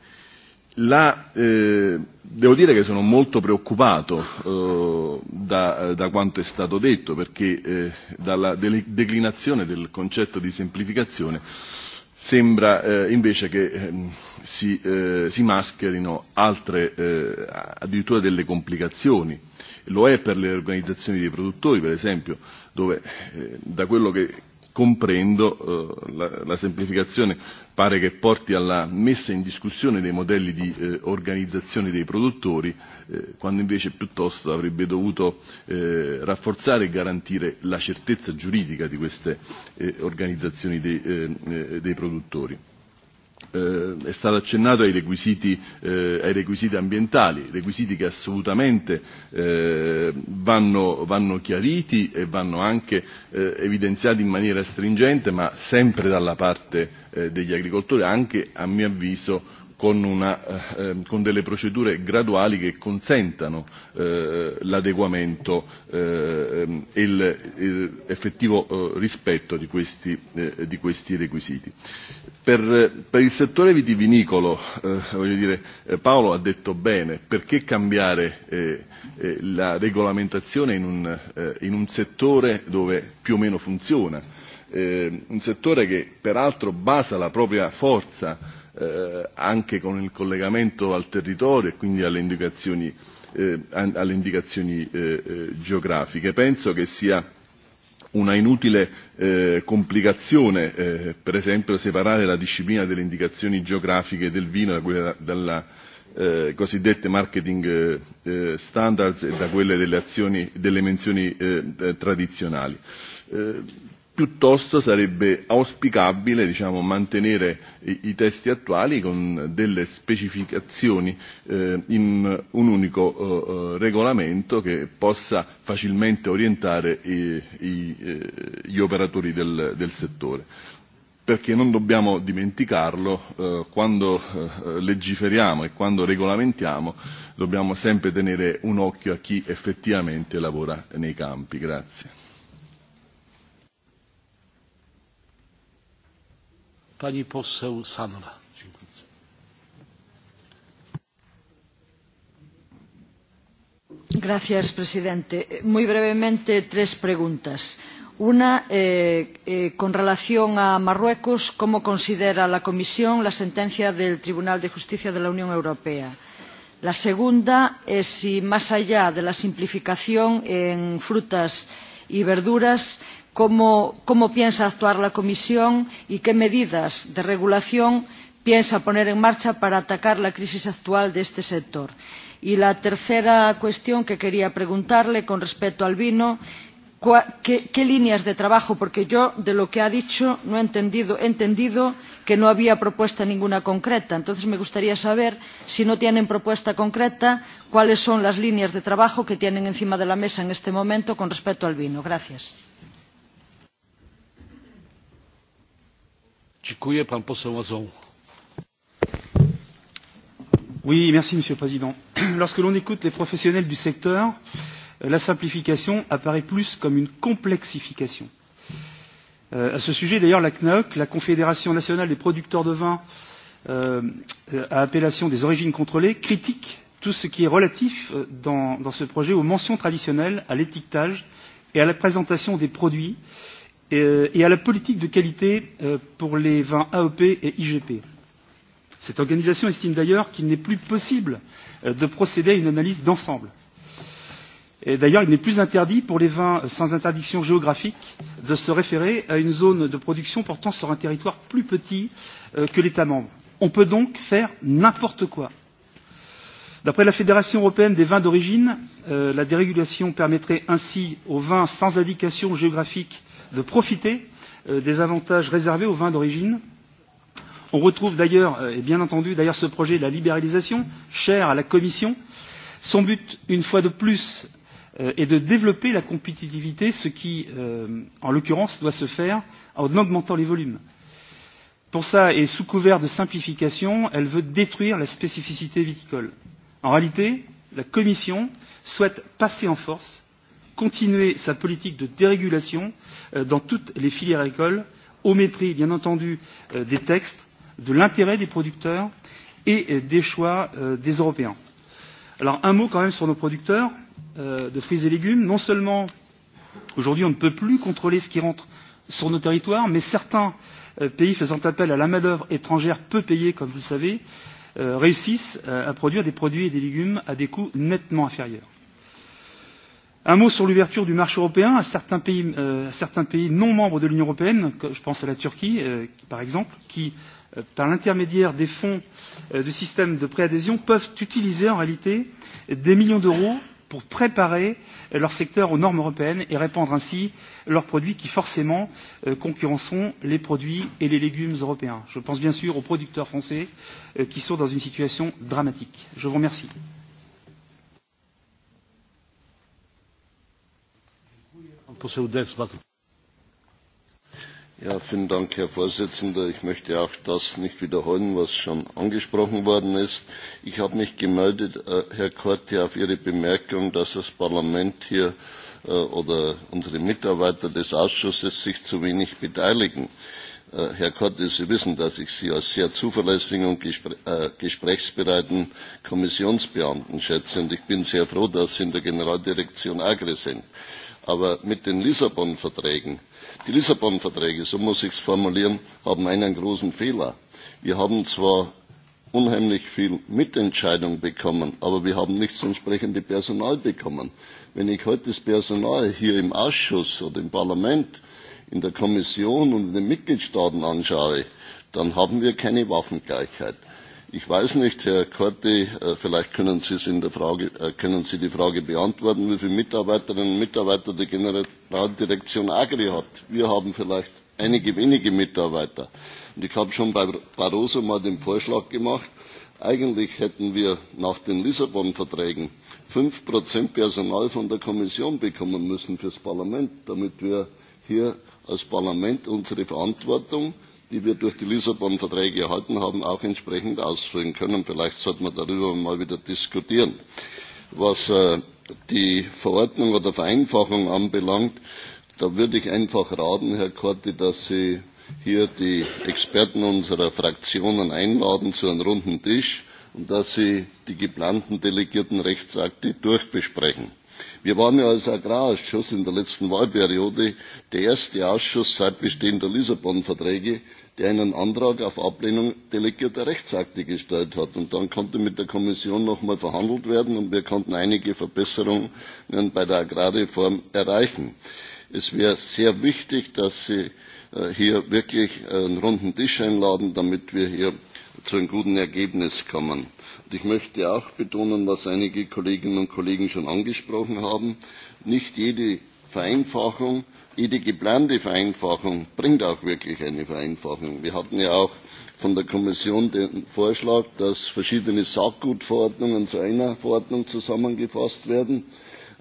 La, eh, devo dire che sono molto preoccupato eh, da, da quanto è stato detto perché eh, dalla declinazione del concetto di semplificazione sembra eh, invece che eh, si, eh, si mascherino altre, eh, addirittura delle complicazioni. Lo è per le organizzazioni dei produttori, per esempio, dove eh, da quello che comprendo eh, la, la semplificazione pare che porti alla messa in discussione dei modelli di eh, organizzazione dei produttori, eh, quando invece piuttosto avrebbe dovuto eh, rafforzare e garantire la certezza giuridica di queste eh, organizzazioni dei, eh, eh dei produttori eh, è stato accennato ai requisiti, eh, ai requisiti ambientali, requisiti che assolutamente eh, vanno, vanno chiariti e vanno anche eh, evidenziati in maniera stringente, ma sempre dalla parte eh, degli agricoltori, anche a mio avviso eh, con, una, eh, ehm, con delle procedure graduali che consentano eh, l'adeguamento e eh, ehm, l'effettivo rispetto di questi, di questi requisiti. Per, per il settore vitivinicolo, eh, voglio dire, Paolo ha detto bene, perché cambiare eh, eh, la regolamentazione in un, eh, in un settore dove più o meno funziona? Eh, un settore che peraltro basa la propria forza Eh, anche con il collegamento al territorio e quindi alle indicazioni, eh, alle indicazioni eh, eh, geografiche. Penso che sia una inutile eh, complicazione, eh, per esempio, separare la disciplina delle indicazioni geografiche del vino da quella della, eh, cosiddette marketing eh, standards e da quelle delle, azioni, delle menzioni eh, tradizionali. Eh, piuttosto sarebbe auspicabile diciamo, mantenere i, i testi attuali con delle specificazioni eh, in un unico eh, eh, regolamento che possa facilmente orientare i, i, eh, gli operatori del, del settore. Perché non dobbiamo dimenticarlo, eh, quando eh, legiferiamo e quando regolamentiamo dobbiamo sempre tenere un occhio a chi effettivamente lavora nei campi. Grazie. Pani poseł Sanra. Señor presidente, muy brevemente tres preguntas. Una, eh, eh, con relación a Marruecos, ¿cómo considera la Comisión la sentencia del Tribunal de Justicia de la Unión Europea? La segunda es si, más allá de la simplificación en frutas y verduras, cómo, cómo piensa actuar la Comisión y qué medidas de regulación piensa poner en marcha para atacar la crisis actual de este sector. Y la tercera cuestión que quería preguntarle con respecto al vino ¿Qué, qué líneas de trabajo porque yo de lo que ha dicho no he entendido he entendido que no había propuesta ninguna concreta entonces me gustaría saber si no tienen propuesta concreta cuáles son las líneas de trabajo que tienen encima de la mesa en este momento con respecto al vino. gracias. Monsieur le Président. (clears throat) Lorsque l'on écoute les professionnels du secteur, euh, la simplification apparaît plus comme une complexification. Euh, à ce sujet, d'ailleurs, la CNOC, la Confédération nationale des producteurs de vins euh, à appellation des origines contrôlées, critique tout ce qui est relatif dans, ce projet aux mentions traditionnelles, à l'étiquetage et à la présentation des produits qui sont euh, Euh, et à la politique de qualité euh, pour les vins AOP e et IGP. Cette organisation estime d'ailleurs qu'il n'est plus possible euh, de procéder à une analyse d'ensemble. D'ailleurs, il n'est plus interdit pour les vins sans interdiction géographique de se référer à une zone de production portant sur un territoire plus petit que l'État membre. On peut donc faire n'importe quoi. D'après la Fédération européenne des vins d'origine, euh, la dérégulation permettrait ainsi aux vins sans indication géographique de profiter euh, des avantages réservés aux vins d'origine. On retrouve d'ailleurs, euh, et bien entendu, d'ailleurs ce projet de la libéralisation, cher à la Commission. Son but, une fois de plus, euh, est de développer la compétitivité, ce qui, en l'occurrence, doit se faire en augmentant les volumes. Pour ça, et sous couvert de simplification, elle veut détruire la spécificité viticole. En réalité, la Commission souhaite passer en force continuer sa politique de dérégulation euh, dans toutes les filières agricoles, au mépris, bien entendu, euh, des textes, de l'intérêt des producteurs et euh, des choix des Européens. Alors un mot quand même sur nos producteurs de fruits et légumes. Non seulement aujourd'hui on ne peut plus contrôler ce qui rentre sur nos territoires, mais certains pays faisant appel à la main-d'œuvre étrangère peu payée, comme vous le savez, réussissent à produire des produits et des légumes à des coûts nettement inférieurs. Un mot sur l'ouverture du marché européen à certains pays, euh, à certains pays non membres de l'Union européenne, je pense à la Turquie euh, par exemple, qui, euh, par l'intermédiaire des fonds euh, du système de préadhésion, peuvent utiliser en réalité des millions d'euros pour préparer euh, leur secteur aux normes européennes et répandre ainsi leurs produits qui forcément euh, concurrenceront les produits et les légumes européens. Je pense bien sûr aux producteurs français euh, qui sont dans une situation dramatique. Je vous remercie. Herr präsident! Ich möchte auch das nicht wiederholen, was schon angesprochen worden ist. Ich habe mich gemeldet, äh, Herr Korte, auf Ihre Bemerkung, dass das Parlament hier äh, oder unsere Mitarbeiter des Ausschusses sich zu wenig beteiligen. Äh, Herr Korte, Sie wissen, dass ich Sie als sehr zuverlässigen und gesprächsbereiten Kommissionsbeamten schätze. Und ich bin sehr froh, dass Sie in der Generaldirektion Agri sind aber mit den lissabon verträgen die lissabon verträge so muss ich es formulieren haben einen großen fehler wir haben zwar unheimlich viel mitentscheidung bekommen aber wir haben nicht das entsprechende personal bekommen. wenn ich heute das personal hier im ausschuss oder im parlament in der kommission und in den mitgliedstaaten anschaue dann haben wir keine waffengleichheit. Ich weiß nicht, Herr Korte, äh, vielleicht können Sie, es in der Frage, äh, können Sie die Frage beantworten, wie viele Mitarbeiterinnen und Mitarbeiter die Generaldirektion Agri hat. Wir haben vielleicht einige wenige Mitarbeiter. Und ich habe schon bei Barroso mal den Vorschlag gemacht, eigentlich hätten wir nach den Lissabon-Verträgen 5% Personal von der Kommission bekommen müssen fürs Parlament, damit wir hier als Parlament unsere Verantwortung die wir durch die Lissabon-Verträge erhalten haben, auch entsprechend ausführen können. Vielleicht sollten wir darüber mal wieder diskutieren. Was äh, die Verordnung oder Vereinfachung anbelangt, da würde ich einfach raten, Herr Korte, dass Sie hier die Experten unserer Fraktionen einladen zu einem runden Tisch und dass Sie die geplanten delegierten Rechtsakte durchbesprechen wir waren ja als agrarausschuss in der letzten wahlperiode der erste ausschuss seit bestehen der lissabon verträge der einen antrag auf ablehnung delegierter rechtsakte gestellt hat. Und dann konnte mit der kommission noch einmal verhandelt werden und wir konnten einige verbesserungen bei der agrarreform erreichen. es wäre sehr wichtig dass sie äh, hier wirklich einen runden tisch einladen damit wir hier zu einem guten ergebnis kommen. Und ich möchte auch betonen, was einige Kolleginnen und Kollegen schon angesprochen haben, nicht jede Vereinfachung, jede geplante Vereinfachung bringt auch wirklich eine Vereinfachung. Wir hatten ja auch von der Kommission den Vorschlag, dass verschiedene Saatgutverordnungen zu einer Verordnung zusammengefasst werden.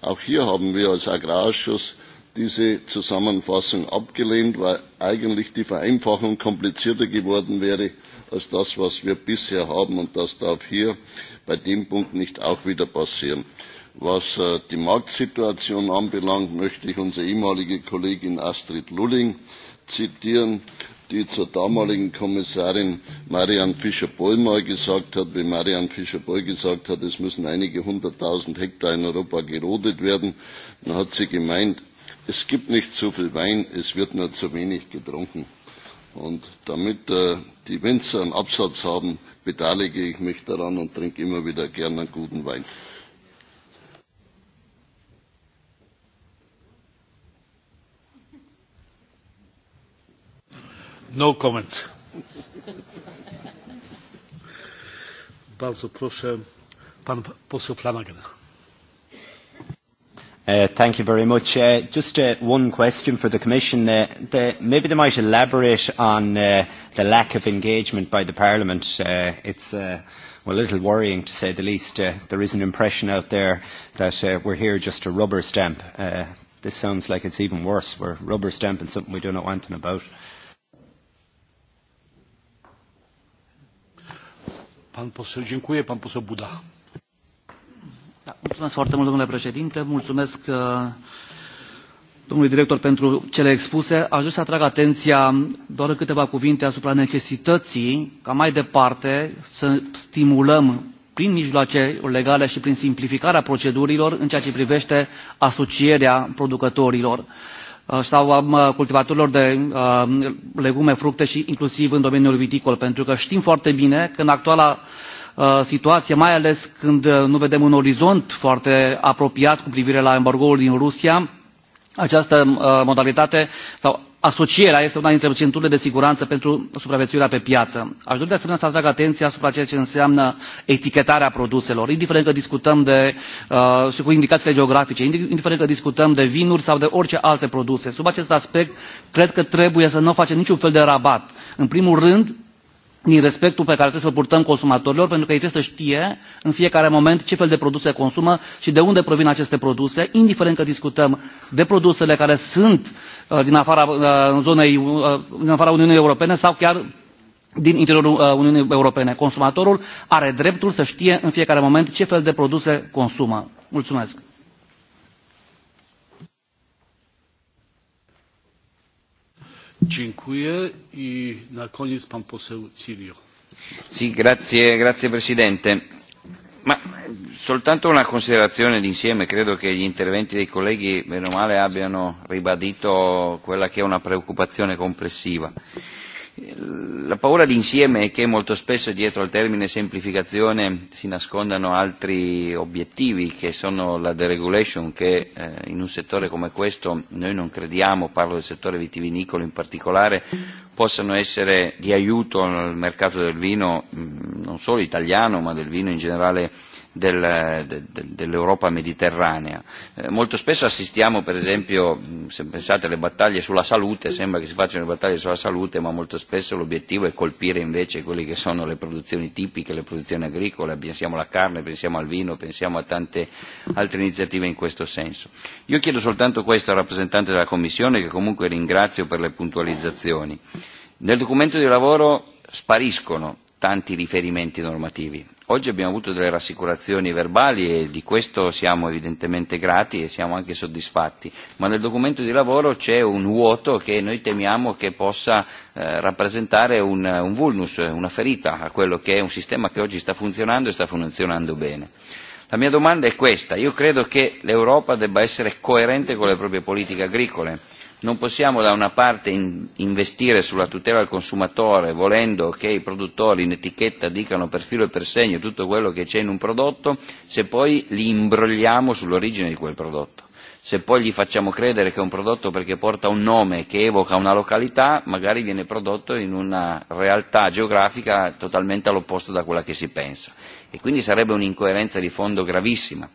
Auch hier haben wir als Agrarausschuss diese zusammenfassung abgelehnt weil eigentlich die vereinfachung komplizierter geworden wäre als das was wir bisher haben und das darf hier bei dem punkt nicht auch wieder passieren. was äh, die marktsituation anbelangt möchte ich unsere ehemalige kollegin astrid lulling zitieren die zur damaligen kommissarin marianne fischer boel mal gesagt hat wie marianne fischer boel gesagt hat es müssen einige hunderttausend hektar in europa gerodet werden dann hat sie gemeint es gibt nicht zu viel Wein, es wird nur zu wenig getrunken. Und damit äh, die Winzer einen Absatz haben, beteilige ich mich daran und trinke immer wieder gerne einen guten Wein. No comments. Bardzo proszę, pan poseł Flanagan. Uh, thank you very much. Uh, just uh, one question for the Commission. Uh, the, maybe they might elaborate on uh, the lack of engagement by the Parliament. Uh, it's uh, well, a little worrying to say the least. Uh, there is an impression out there that uh, we're here just to rubber stamp. Uh, this sounds like it's even worse. We're rubber stamping something we don't know anything about. Pan poseł, dziękuję. Pan poseł Buda mulțumesc foarte mult, domnule președinte. Mulțumesc uh, domnului director pentru cele expuse. Aș vrea să atrag atenția doar în câteva cuvinte asupra necesității ca mai departe să stimulăm prin mijloace legale și prin simplificarea procedurilor în ceea ce privește asocierea producătorilor uh, sau uh, cultivatorilor de legume, fructe și inclusiv în domeniul viticol, pentru că știm foarte bine că în actuala Uh, situație, mai ales când uh, nu vedem un orizont foarte apropiat cu privire la embargoul din Rusia. Această uh, modalitate sau asocierea este una dintre centurile de siguranță pentru supraviețuirea pe piață. Aș dori de asemenea să atrag atenția asupra ceea ce înseamnă etichetarea produselor, indiferent că discutăm de, uh, și cu indicațiile geografice, indiferent că discutăm de vinuri sau de orice alte produse. Sub acest aspect, cred că trebuie să nu facem niciun fel de rabat. În primul rând, din respectul pe care trebuie să l purtăm consumatorilor pentru că ei trebuie să știe în fiecare moment ce fel de produse consumă și de unde provin aceste produse indiferent că discutăm de produsele care sunt uh, din afara, uh, zonei, uh, din afara uniunii europene sau chiar din interiorul uh, uniunii europene. consumatorul are dreptul să știe în fiecare moment ce fel de produse consumă. mulțumesc. Dziękuję i na koniec pan poseł Cirio. Sì, grazie, grazie Presidente. Ma soltanto una considerazione d'insieme, credo che gli interventi dei colleghi, bene o male, abbiano ribadito quella che è una preoccupazione complessiva. Eh, La paura d'insieme è che molto spesso dietro al termine semplificazione si nascondano altri obiettivi che sono la deregulation che eh, in un settore come questo noi non crediamo, parlo del settore vitivinicolo in particolare, possano essere di aiuto al mercato del vino mh, mm, non solo italiano ma del vino in generale del, de, dell'Europa mediterranea. Eh, molto spesso assistiamo, per esempio, se pensate alle battaglie sulla salute, sembra che si facciano le battaglie sulla salute, ma molto spesso l'obiettivo è colpire invece quelle che sono le produzioni tipiche, le produzioni agricole, pensiamo alla carne, pensiamo al vino, pensiamo a tante altre iniziative in questo senso. Io chiedo soltanto questo al rappresentante della Commissione, che comunque ringrazio per le puntualizzazioni. Nel documento di lavoro spariscono tanti riferimenti normativi. Oggi abbiamo avuto delle rassicurazioni verbali e di questo siamo evidentemente grati e siamo anche soddisfatti, ma nel documento di lavoro c'è un vuoto che noi temiamo che possa eh, rappresentare un, un vulnus, una ferita a quello che è un sistema che oggi sta funzionando e sta funzionando bene. La mia domanda è questa, io credo che l'Europa debba essere coerente con le proprie politiche agricole Non possiamo da una parte in, investire sulla tutela del consumatore volendo che i produttori in etichetta dicano per filo e per segno tutto quello che c'è in un prodotto se poi li imbrogliamo sull'origine di quel prodotto. Se poi gli facciamo credere che è un prodotto perché porta un nome che evoca una località, magari viene prodotto in una realtà geografica totalmente all'opposto da quella che si pensa. E quindi sarebbe un'incoerenza di fondo gravissima.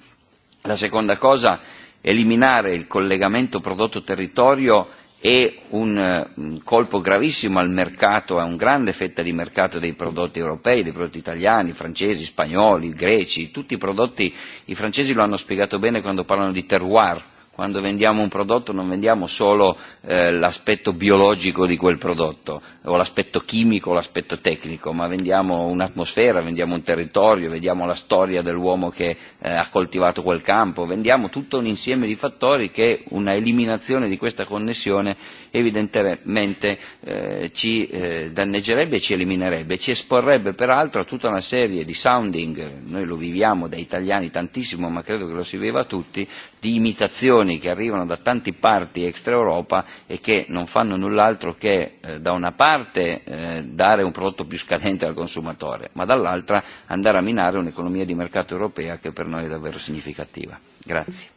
La seconda cosa eliminare il collegamento prodotto territorio è e eh, un colpo gravissimo al mercato, a una grande fetta di mercato dei prodotti europei, dei prodotti italiani, francesi, spagnoli, greci, tutti i prodotti, i francesi lo hanno spiegato bene quando parlano di terroir, quando vendiamo un prodotto non vendiamo solo eh, l'aspetto biologico di quel prodotto, o l'aspetto chimico o l'aspetto tecnico, ma vendiamo un'atmosfera, vendiamo un territorio, vendiamo la storia dell'uomo che eh, ha coltivato quel campo, vendiamo tutto un insieme di fattori che una eliminazione di questa connessione evidentemente eh, ci eh, danneggerebbe e ci eliminerebbe, ci esporrebbe peraltro a tutta una serie di sounding, noi lo viviamo da italiani tantissimo, ma credo che lo si viva tutti, di imitazioni che arrivano da tanti parti extra Europa e che non fanno null'altro che eh, da una parte parte eh, dare un prodotto più scadente al consumatore, ma dall'altra andare a minare un'economia di mercato europea che per noi è davvero significativa. Grazie.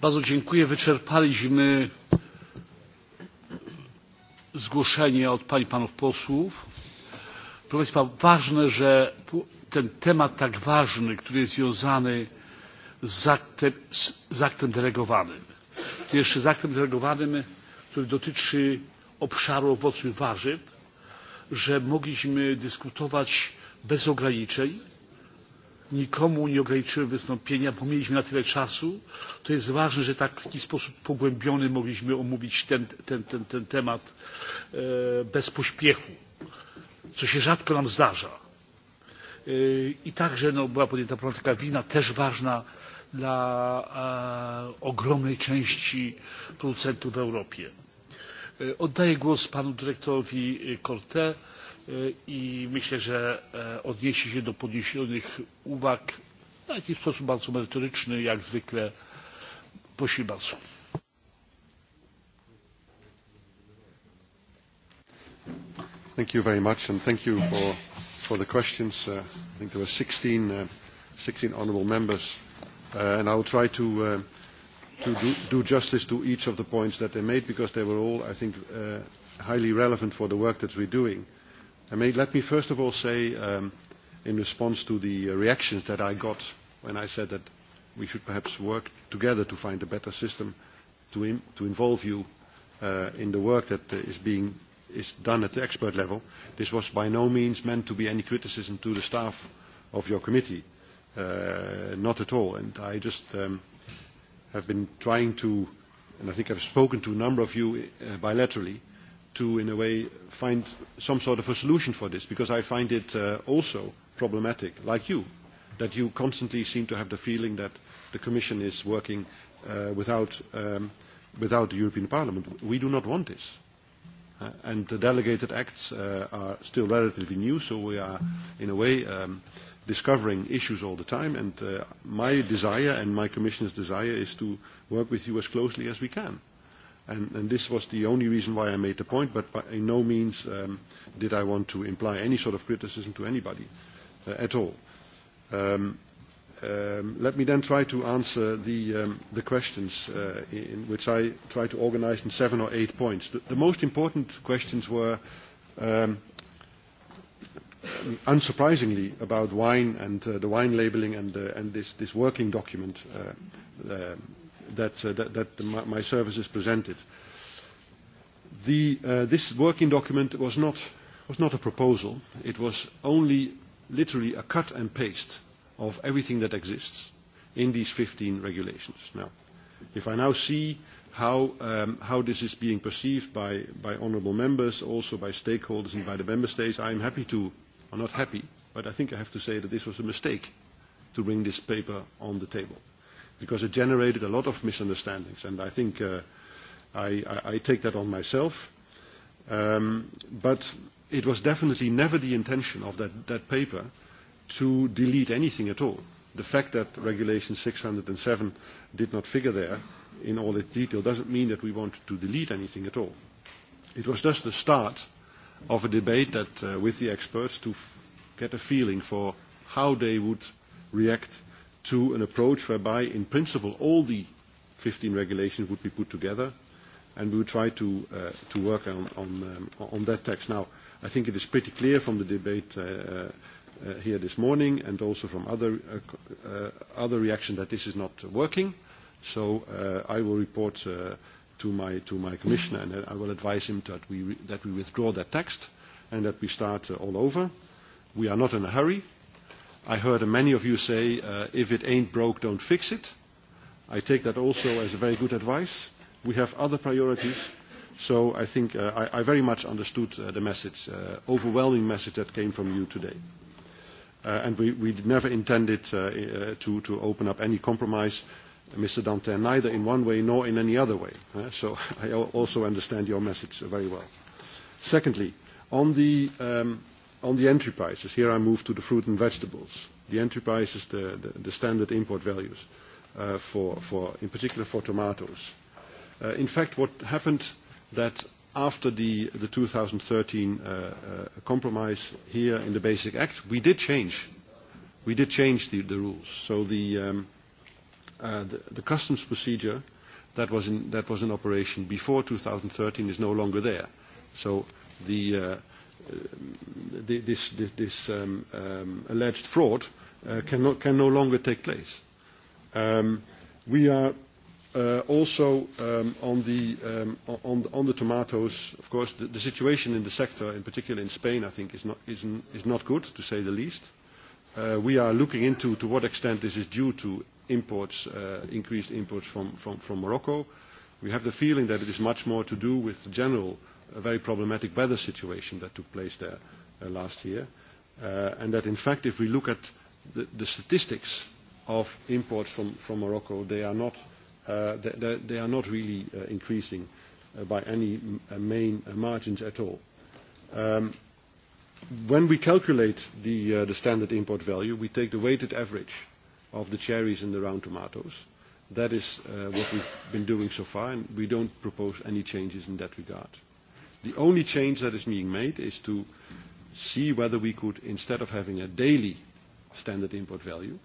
Bardzo dziękuję. Wyczerpaliśmy zgłoszenie od pań i panów posłów. Proszę Państwa, ważne, że ten temat tak ważny, który jest związany z aktem, z aktem delegowanym to jeszcze z aktem delegowanym, który dotyczy obszaru owoców i warzyw, że mogliśmy dyskutować bez ograniczeń, nikomu nie ograniczyłem wystąpienia, bo mieliśmy na tyle czasu. To jest ważne, że tak w taki sposób pogłębiony mogliśmy omówić ten, ten, ten, ten temat e, bez pośpiechu, co się rzadko nam zdarza. E, I także no, była podjęta problematyka wina, też ważna dla e, ogromnej części producentów w Europie. E, oddaję głos panu dyrektorowi Corte e, i myślę, że odniesie się do podniesionych uwag w taki sposób bardzo merytoryczny, jak zwykle. Prosimy bardzo. Thank you very much, and thank you for, for the questions. Uh, I think there were 16, uh, 16 honourable members Uh, and I will try to, uh, to do, do justice to each of the points that they made because they were all, I think, uh, highly relevant for the work that we're doing. I mean, let me first of all say, um, in response to the uh, reactions that I got when I said that we should perhaps work together to find a better system to, Im to involve you uh, in the work that uh, is being is done at the expert level. This was by no means meant to be any criticism to the staff of your committee uh, not at all. And I just um, have been trying to, and I think I've spoken to a number of you uh, bilaterally, to, in a way, find some sort of a solution for this, because I find it uh, also problematic, like you, that you constantly seem to have the feeling that the Commission is working uh, without, um, without the European Parliament. We do not want this. Uh, and the delegated acts uh, are still relatively new, so we are, in a way, um, discovering issues all the time, and uh, my desire and my Commissioner's desire is to work with you as closely as we can. And, and this was the only reason why I made the point, but by in no means um, did I want to imply any sort of criticism to anybody uh, at all. Um, um, let me then try to answer the, um, the questions, uh, in which I try to organize in seven or eight points. The, the most important questions were um, Um, unsurprisingly about wine and uh, the wine labeling and, uh, and this, this working document uh, uh, that, uh, that, that the, my, my services presented. The, uh, this working document was not, was not a proposal. It was only literally a cut and paste of everything that exists in these 15 regulations. Now, if I now see how, um, how this is being perceived by, by honourable members, also by stakeholders and by the member states, I am happy to are not happy, but I think I have to say that this was a mistake to bring this paper on the table because it generated a lot of misunderstandings and I think uh, I, I, I take that on myself. Um, but it was definitely never the intention of that, that paper to delete anything at all. The fact that Regulation 607 did not figure there in all its detail doesn't mean that we want to delete anything at all. It was just the start of a debate that, uh, with the experts to f get a feeling for how they would react to an approach whereby, in principle, all the 15 regulations would be put together, and we would try to, uh, to work on, on, um, on that text. Now, I think it is pretty clear from the debate uh, uh, uh here this morning and also from other, uh, uh, other reactions that this is not working. So uh, I will report uh, to my, to my commissioner, and I will advise him that we, that we withdraw that text and that we start uh, all over. We are not in a hurry. I heard many of you say, uh, if it ain't broke, don't fix it. I take that also as a very good advice. We have other priorities. So I think uh, I, I very much understood uh, the message, uh, overwhelming message that came from you today. Uh, and we, we never intended uh, uh, to, to open up any compromise. Mr. Dante, neither in one way nor in any other way. Uh, so (laughs) I also understand your message uh, very well. Secondly, on the, um, on the entry prices, here I move to the fruit and vegetables. The entry prices, the, the, the standard import values, uh, for, for, in particular for tomatoes. Uh, in fact, what happened that after the, the 2013 uh, uh, compromise here in the Basic Act, we did change. We did change the, the rules. So the, um, uh, the, the customs procedure that was, in, that was in operation before 2013 is no longer there. So the, uh, uh, the, this, this, this um, um, alleged fraud uh, cannot, can no longer take place. Um, we are uh, also um, on, the, um, on, on the tomatoes, of course, the, the situation in the sector, in particular in Spain, I think is not, is, n is not good, to say the least. Uh, we are looking into to what extent this is due to imports, uh, increased imports from, from, from Morocco. We have the feeling that it is much more to do with the general uh, very problematic weather situation that took place there uh, last year. Uh, and that in fact if we look at the, the statistics of imports from, from Morocco, they are not, uh, they, they are not really uh, increasing uh, by any uh, main uh, margins at all. Um, when we calculate the, uh, the standard import value, we take the weighted average of the cherries and the round tomatoes. That is uh, what we've been doing so far, and we don't propose any changes in that regard. The only change that is being made is to see whether we could, instead of having a daily standard import value,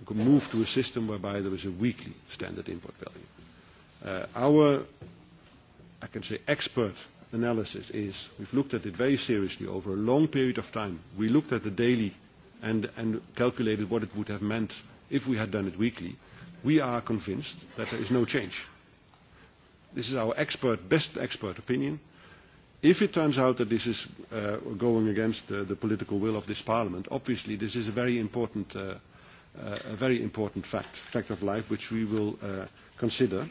we could move to a system whereby there is a weekly standard import value. Uh, our, I can say, expert analysis is we've looked at it very seriously over a long period of time. We looked at the daily and, and calculated what it would have meant if we had done it weekly, we are convinced that there is no change. This is our expert, best expert opinion. If it turns out that this is uh, going against uh, the political will of this parliament, obviously this is a very important, uh, uh, a very important fact, fact of life, which we will uh, consider.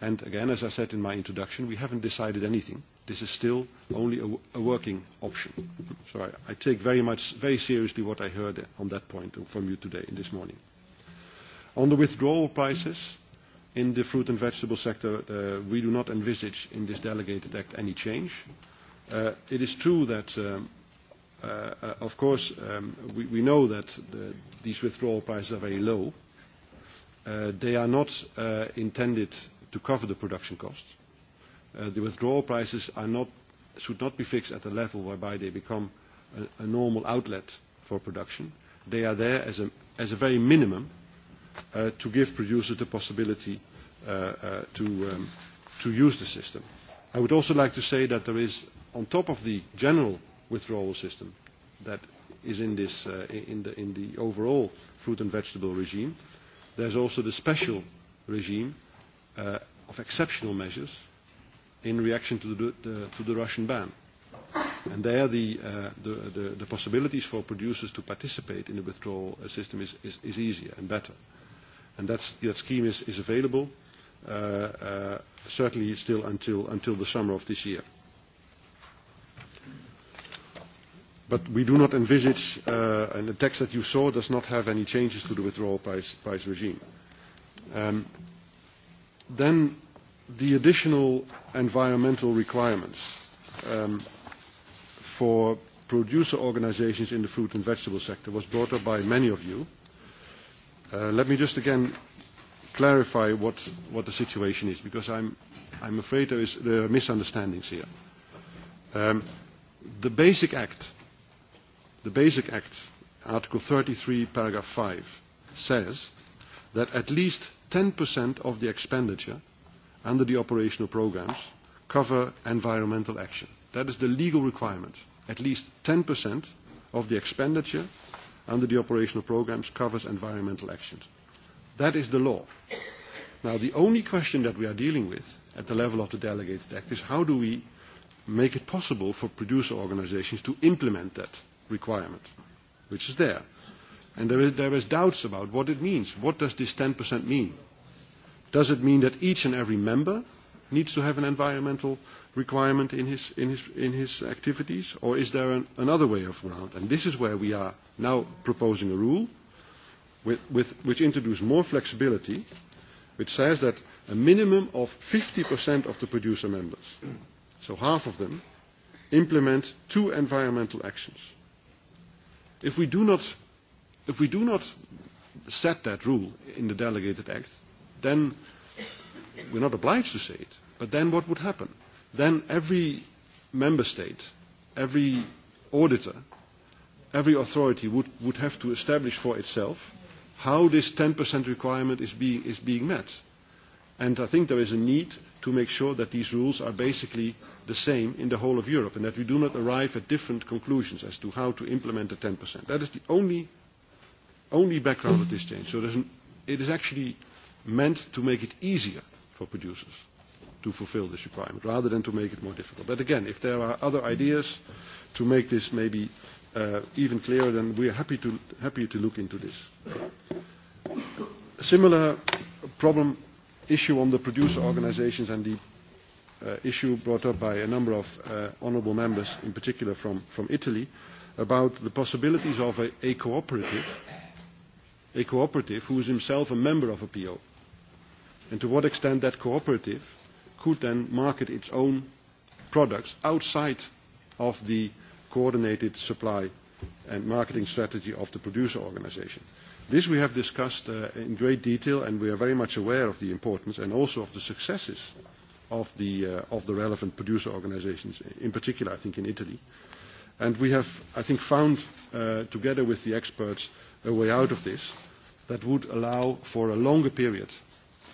And again, as I said in my introduction, we haven't decided anything this is still only a, a working option. So I, I take very much, very seriously what I heard on that point from you today, this morning. On the withdrawal prices, in the fruit and vegetable sector, uh, we do not envisage in this delegated act any change. Uh, it is true that, um, uh, uh of course, um, we, we know that the, these withdrawal prices are very low. Uh, they are not uh, intended to cover the production costs uh, the withdrawal prices are not, should not be fixed at a level whereby they become a, a normal outlet for production. They are there as a, as a very minimum uh, to give producers the possibility uh, uh, to, um, to use the system. I would also like to say that there is, on top of the general withdrawal system that is in, this, uh, in, the, in the overall fruit and vegetable regime, there's also the special regime uh, of exceptional measures in reaction to the, the, to the Russian ban. And there the, uh, the, the, the possibilities for producers to participate in the withdrawal uh, system is, is, is easier and better. And that's, that scheme is, is available, uh, uh, certainly still until, until the summer of this year. But we do not envisage, uh, and the text that you saw does not have any changes to the withdrawal price, price regime. Um, then the additional environmental requirements um, for producer organizations in the fruit and vegetable sector was brought up by many of you. Uh, let me just again clarify what, what the situation is, because I'm, I'm afraid there, is, there are misunderstandings here. Um, the Basic Act, the Basic Act, Article 33, paragraph 5, says that at least 10% of the expenditure under the operational programs cover environmental action. That is the legal requirement. At least 10% of the expenditure under the operational programs covers environmental actions. That is the law. Now, the only question that we are dealing with at the level of the Delegated Act is how do we make it possible for producer organizations to implement that requirement, which is there. And there is, there is doubts about what it means. What does this 10% mean? Does it mean that each and every member needs to have an environmental requirement in his, in his, in his activities? Or is there an, another way of around? And this is where we are now proposing a rule with, with, which introduces more flexibility, which says that a minimum of 50% of the producer members, so half of them, implement two environmental actions. If we do not, if we do not set that rule in the delegated act, then we're not obliged to say it, but then what would happen? Then every member state, every auditor, every authority would, would have to establish for itself how this 10% requirement is being, is being met. And I think there is a need to make sure that these rules are basically the same in the whole of Europe and that we do not arrive at different conclusions as to how to implement the 10%. That is the only, only background of this change. So there's an, it is actually meant to make it easier for producers to fulfill this requirement rather than to make it more difficult. But again, if there are other ideas to make this maybe uh, even clearer, then we are happy to, happy to look into this. A similar problem issue on the producer organizations and the uh, issue brought up by a number of uh, honourable members, in particular from, from Italy, about the possibilities of a, a cooperative, a cooperative who is himself a member of a PO Uh, and to what extent that cooperative could then market its own products outside of the coordinated supply and marketing strategy of the producer organization. This we have discussed uh, in great detail and we are very much aware of the importance and also of the successes of the, uh, of the relevant producer organizations, in particular I think in Italy. And we have, I think, found, uh, together with the experts, a way out of this that would allow for a longer period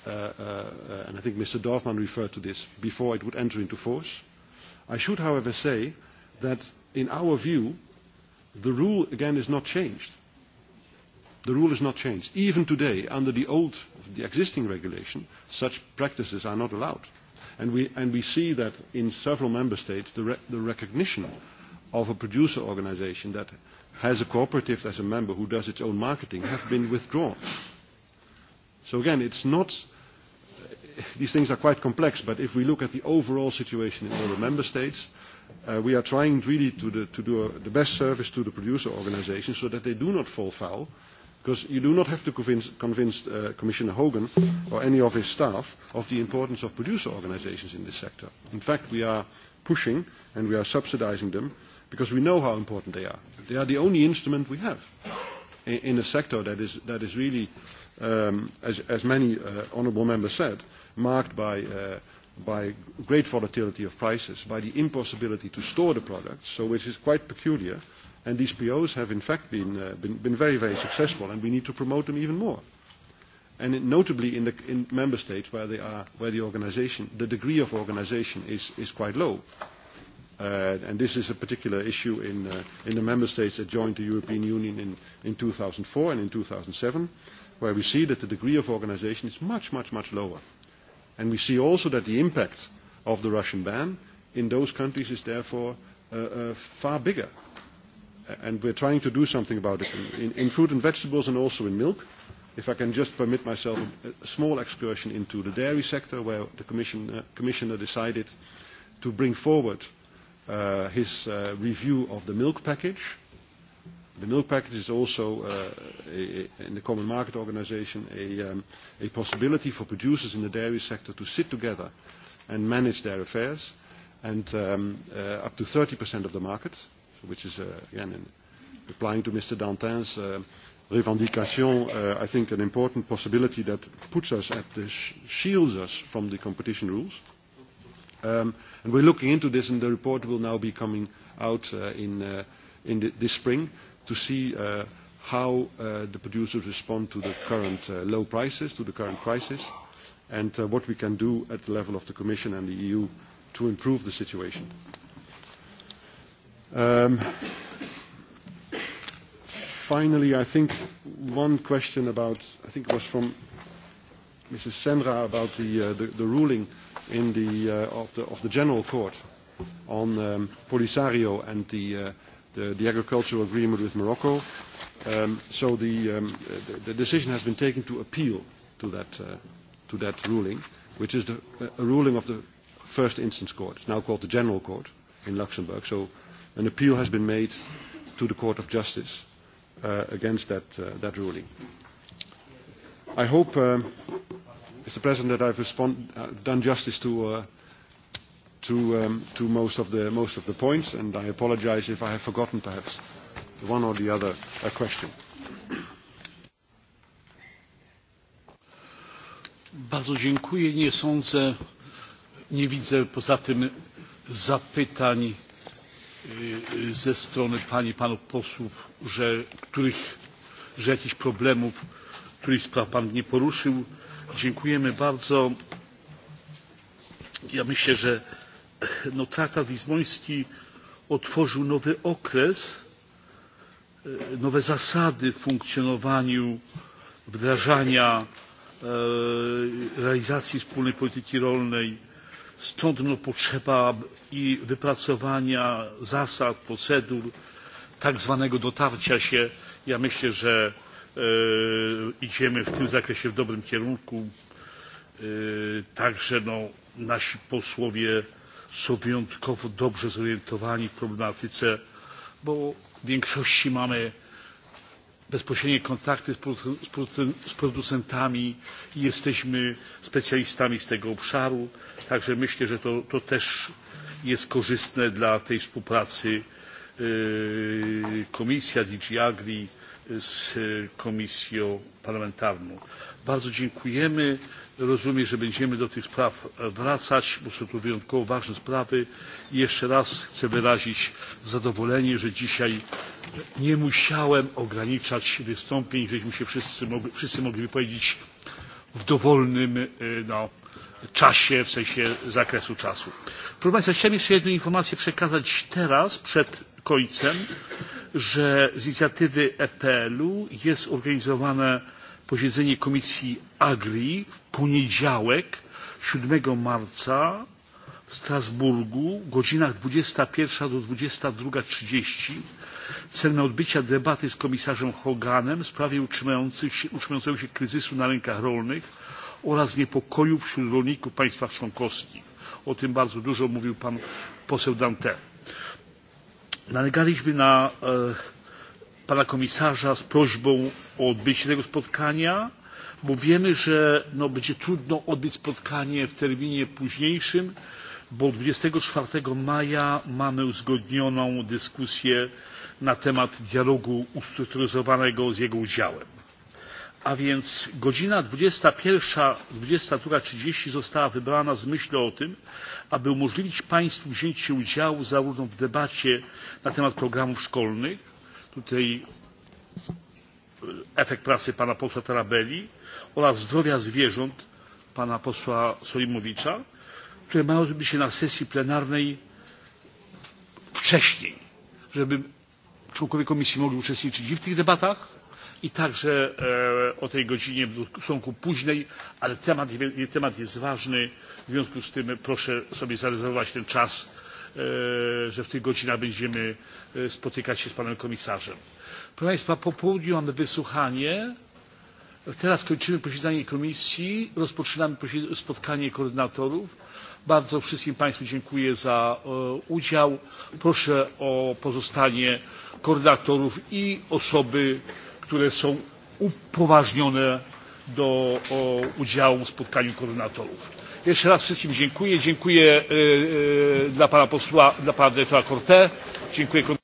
Uh, uh, and I think Mr. Dorfman referred to this, before it would enter into force. I should, however, say that in our view, the rule again is not changed. The rule is not changed. Even today, under the old, the existing regulation, such practices are not allowed. And we, and we see that in several member states, the, re the recognition of a producer organization that has a cooperative as a member who does its own marketing have been withdrawn. So again, it's not these things are quite complex, but if we look at the overall situation in all the member states, uh, we are trying really to, the, to do a, the best service to the producer organizations so that they do not fall foul, because you do not have to convince, convince uh, Commissioner Hogan or any of his staff of the importance of producer organizations in this sector. In fact, we are pushing and we are subsidizing them because we know how important they are. They are the only instrument we have in a sector that is, that is really, um, as, as many uh, honourable members said, marked by, uh, by great volatility of prices, by the impossibility to store the products, so which is quite peculiar. And these POs have in fact been, uh, been, been very, very successful, and we need to promote them even more. And it, notably in, the, in member states where, they are, where the, organization, the degree of organization is, is quite low. Uh, and this is a particular issue in, uh, in the member states that joined the European Union in, in 2004 and in 2007, where we see that the degree of organization is much, much, much lower. And we see also that the impact of the Russian ban in those countries is therefore uh, uh, far bigger. And we're trying to do something about it in, in, in fruit and vegetables and also in milk. If I can just permit myself a, a small excursion into the dairy sector, where the commission, uh, Commissioner decided to bring forward uh, his uh, review of the milk package. The milk package is also, uh, a, a, in the Common Market Organization, a, um, a possibility for producers in the dairy sector to sit together and manage their affairs, and um, uh, up to 30% of the market, which is, uh, again, in replying to Mr. Dantin's uh, revendication, uh, I think an important possibility that puts us at the sh shields us from the competition rules. Um, and we're looking into this, and the report will now be coming out uh, in, uh, in the, this spring to see uh, how uh, the producers respond to the current uh, low prices, to the current crisis, and uh, what we can do at the level of the Commission and the EU to improve the situation. Um, finally, I think one question about, I think it was from Mrs. Senra about the, uh, the, the ruling in the, uh, of, the, of the General Court on um, Polisario and the, uh, the, the agricultural agreement with Morocco. Um, so the, um, the, the decision has been taken to appeal to that, uh, to that ruling, which is the, a ruling of the first instance court. It's now called the General Court in Luxembourg. So an appeal has been made to the Court of Justice uh, against that, uh, that ruling. I hope um, uh, Mr. President, that I've respond, uh, done justice to, uh, to, um, to most, of the, most of the points, and I apologize if I have forgotten perhaps one or the other uh, question. Bardzo dziękuję. Nie sądzę, nie widzę poza tym zapytań ze strony pani, panów posłów, że, których, że jakichś problemów, których spraw pan nie poruszył dziękujemy bardzo. ja myślę że no, traktat lizboński otworzył nowy okres e, nowe zasady w funkcjonowaniu wdrażania e, realizacji wspólnej polityki rolnej stąd no, potrzeba i wypracowania zasad procedur tak zwanego dotarcia się. ja myślę że E, idziemy w tym zakresie w dobrym kierunku. E, także nasi posłowie są wyjątkowo dobrze zorientowani w problematyce, bo w większości mamy bezpośrednie kontakty z producentami i jesteśmy specjalistami z tego obszaru. Także myślę, że to, to też jest korzystne dla tej współpracy. E, Komisja DG Agri z e, komisją parlamentarną. bardzo dziękujemy. rozumiem że będziemy do tych spraw wracać bo są to wyjątkowo ważne sprawy i jeszcze raz chcę wyrazić zadowolenie że dzisiaj nie musiałem ograniczać wystąpień żeśmy się wszyscy mogli, wszyscy mogli wypowiedzieć w dowolnym e, no, czasie w sensie zakresu czasu. proszę państwa chciałem jeszcze jedną informację przekazać teraz przed końcem że z inicjatywy epl jest organizowane posiedzenie komisji agri w poniedziałek siedem marca w strasburgu w godzinach dwadzieścia jeden do dwadzieścia dwa trzydzieści celem odbycia debaty z komisarzem hoganem w sprawie utrzymującego się kryzysu na rynkach rolnych oraz niepokoju wśród rolników w państwach członkowskich o tym bardzo dużo mówił pan poseł dantin nalegaliśmy na e, pana komisarza z prośbą o odbycie tego spotkania bo wiemy że będzie trudno odbyć spotkanie w terminie późniejszym bo dwadzieścia cztery maja mamy uzgodnioną dyskusję na temat dialogu ustrukturyzowanego z jego udziałem a więc godzina dwadzieścia jeden dwadzieścia dwa trzydzieści została wybrana z myślą o tym aby umożliwić państwu wzięcie udziału zarówno w debacie na temat programów szkolnych tutaj e, efekt pracy pana posła tarabelli oraz zdrowia zwierząt pana posła solimowicza które mają odbyć się na sesji plenarnej wcześniej żeby członkowie komisji mogli uczestniczyć i w tych debatach i także e, o tej godzinie w stosunku późnej ale temat jest ważny w związku z tym proszę sobie zarezerwować ten czas e, że w tych godzinach będziemy e, spotykać się z panem komisarzem. proszę państwa po południu mamy wysłuchanie teraz kończymy posiedzenie komisji rozpoczynamy spotkanie koordynatorów. bardzo wszystkim państwu dziękuję za udział. proszę o pozostanie koordynatorów i osoby które są upoważnione do udziału w spotkaniu koordynatorów. Jeszcze raz wszystkim dziękuję. Dziękuję e, e, dla pana posła, dla pana dyrektora Corte. Dziękuję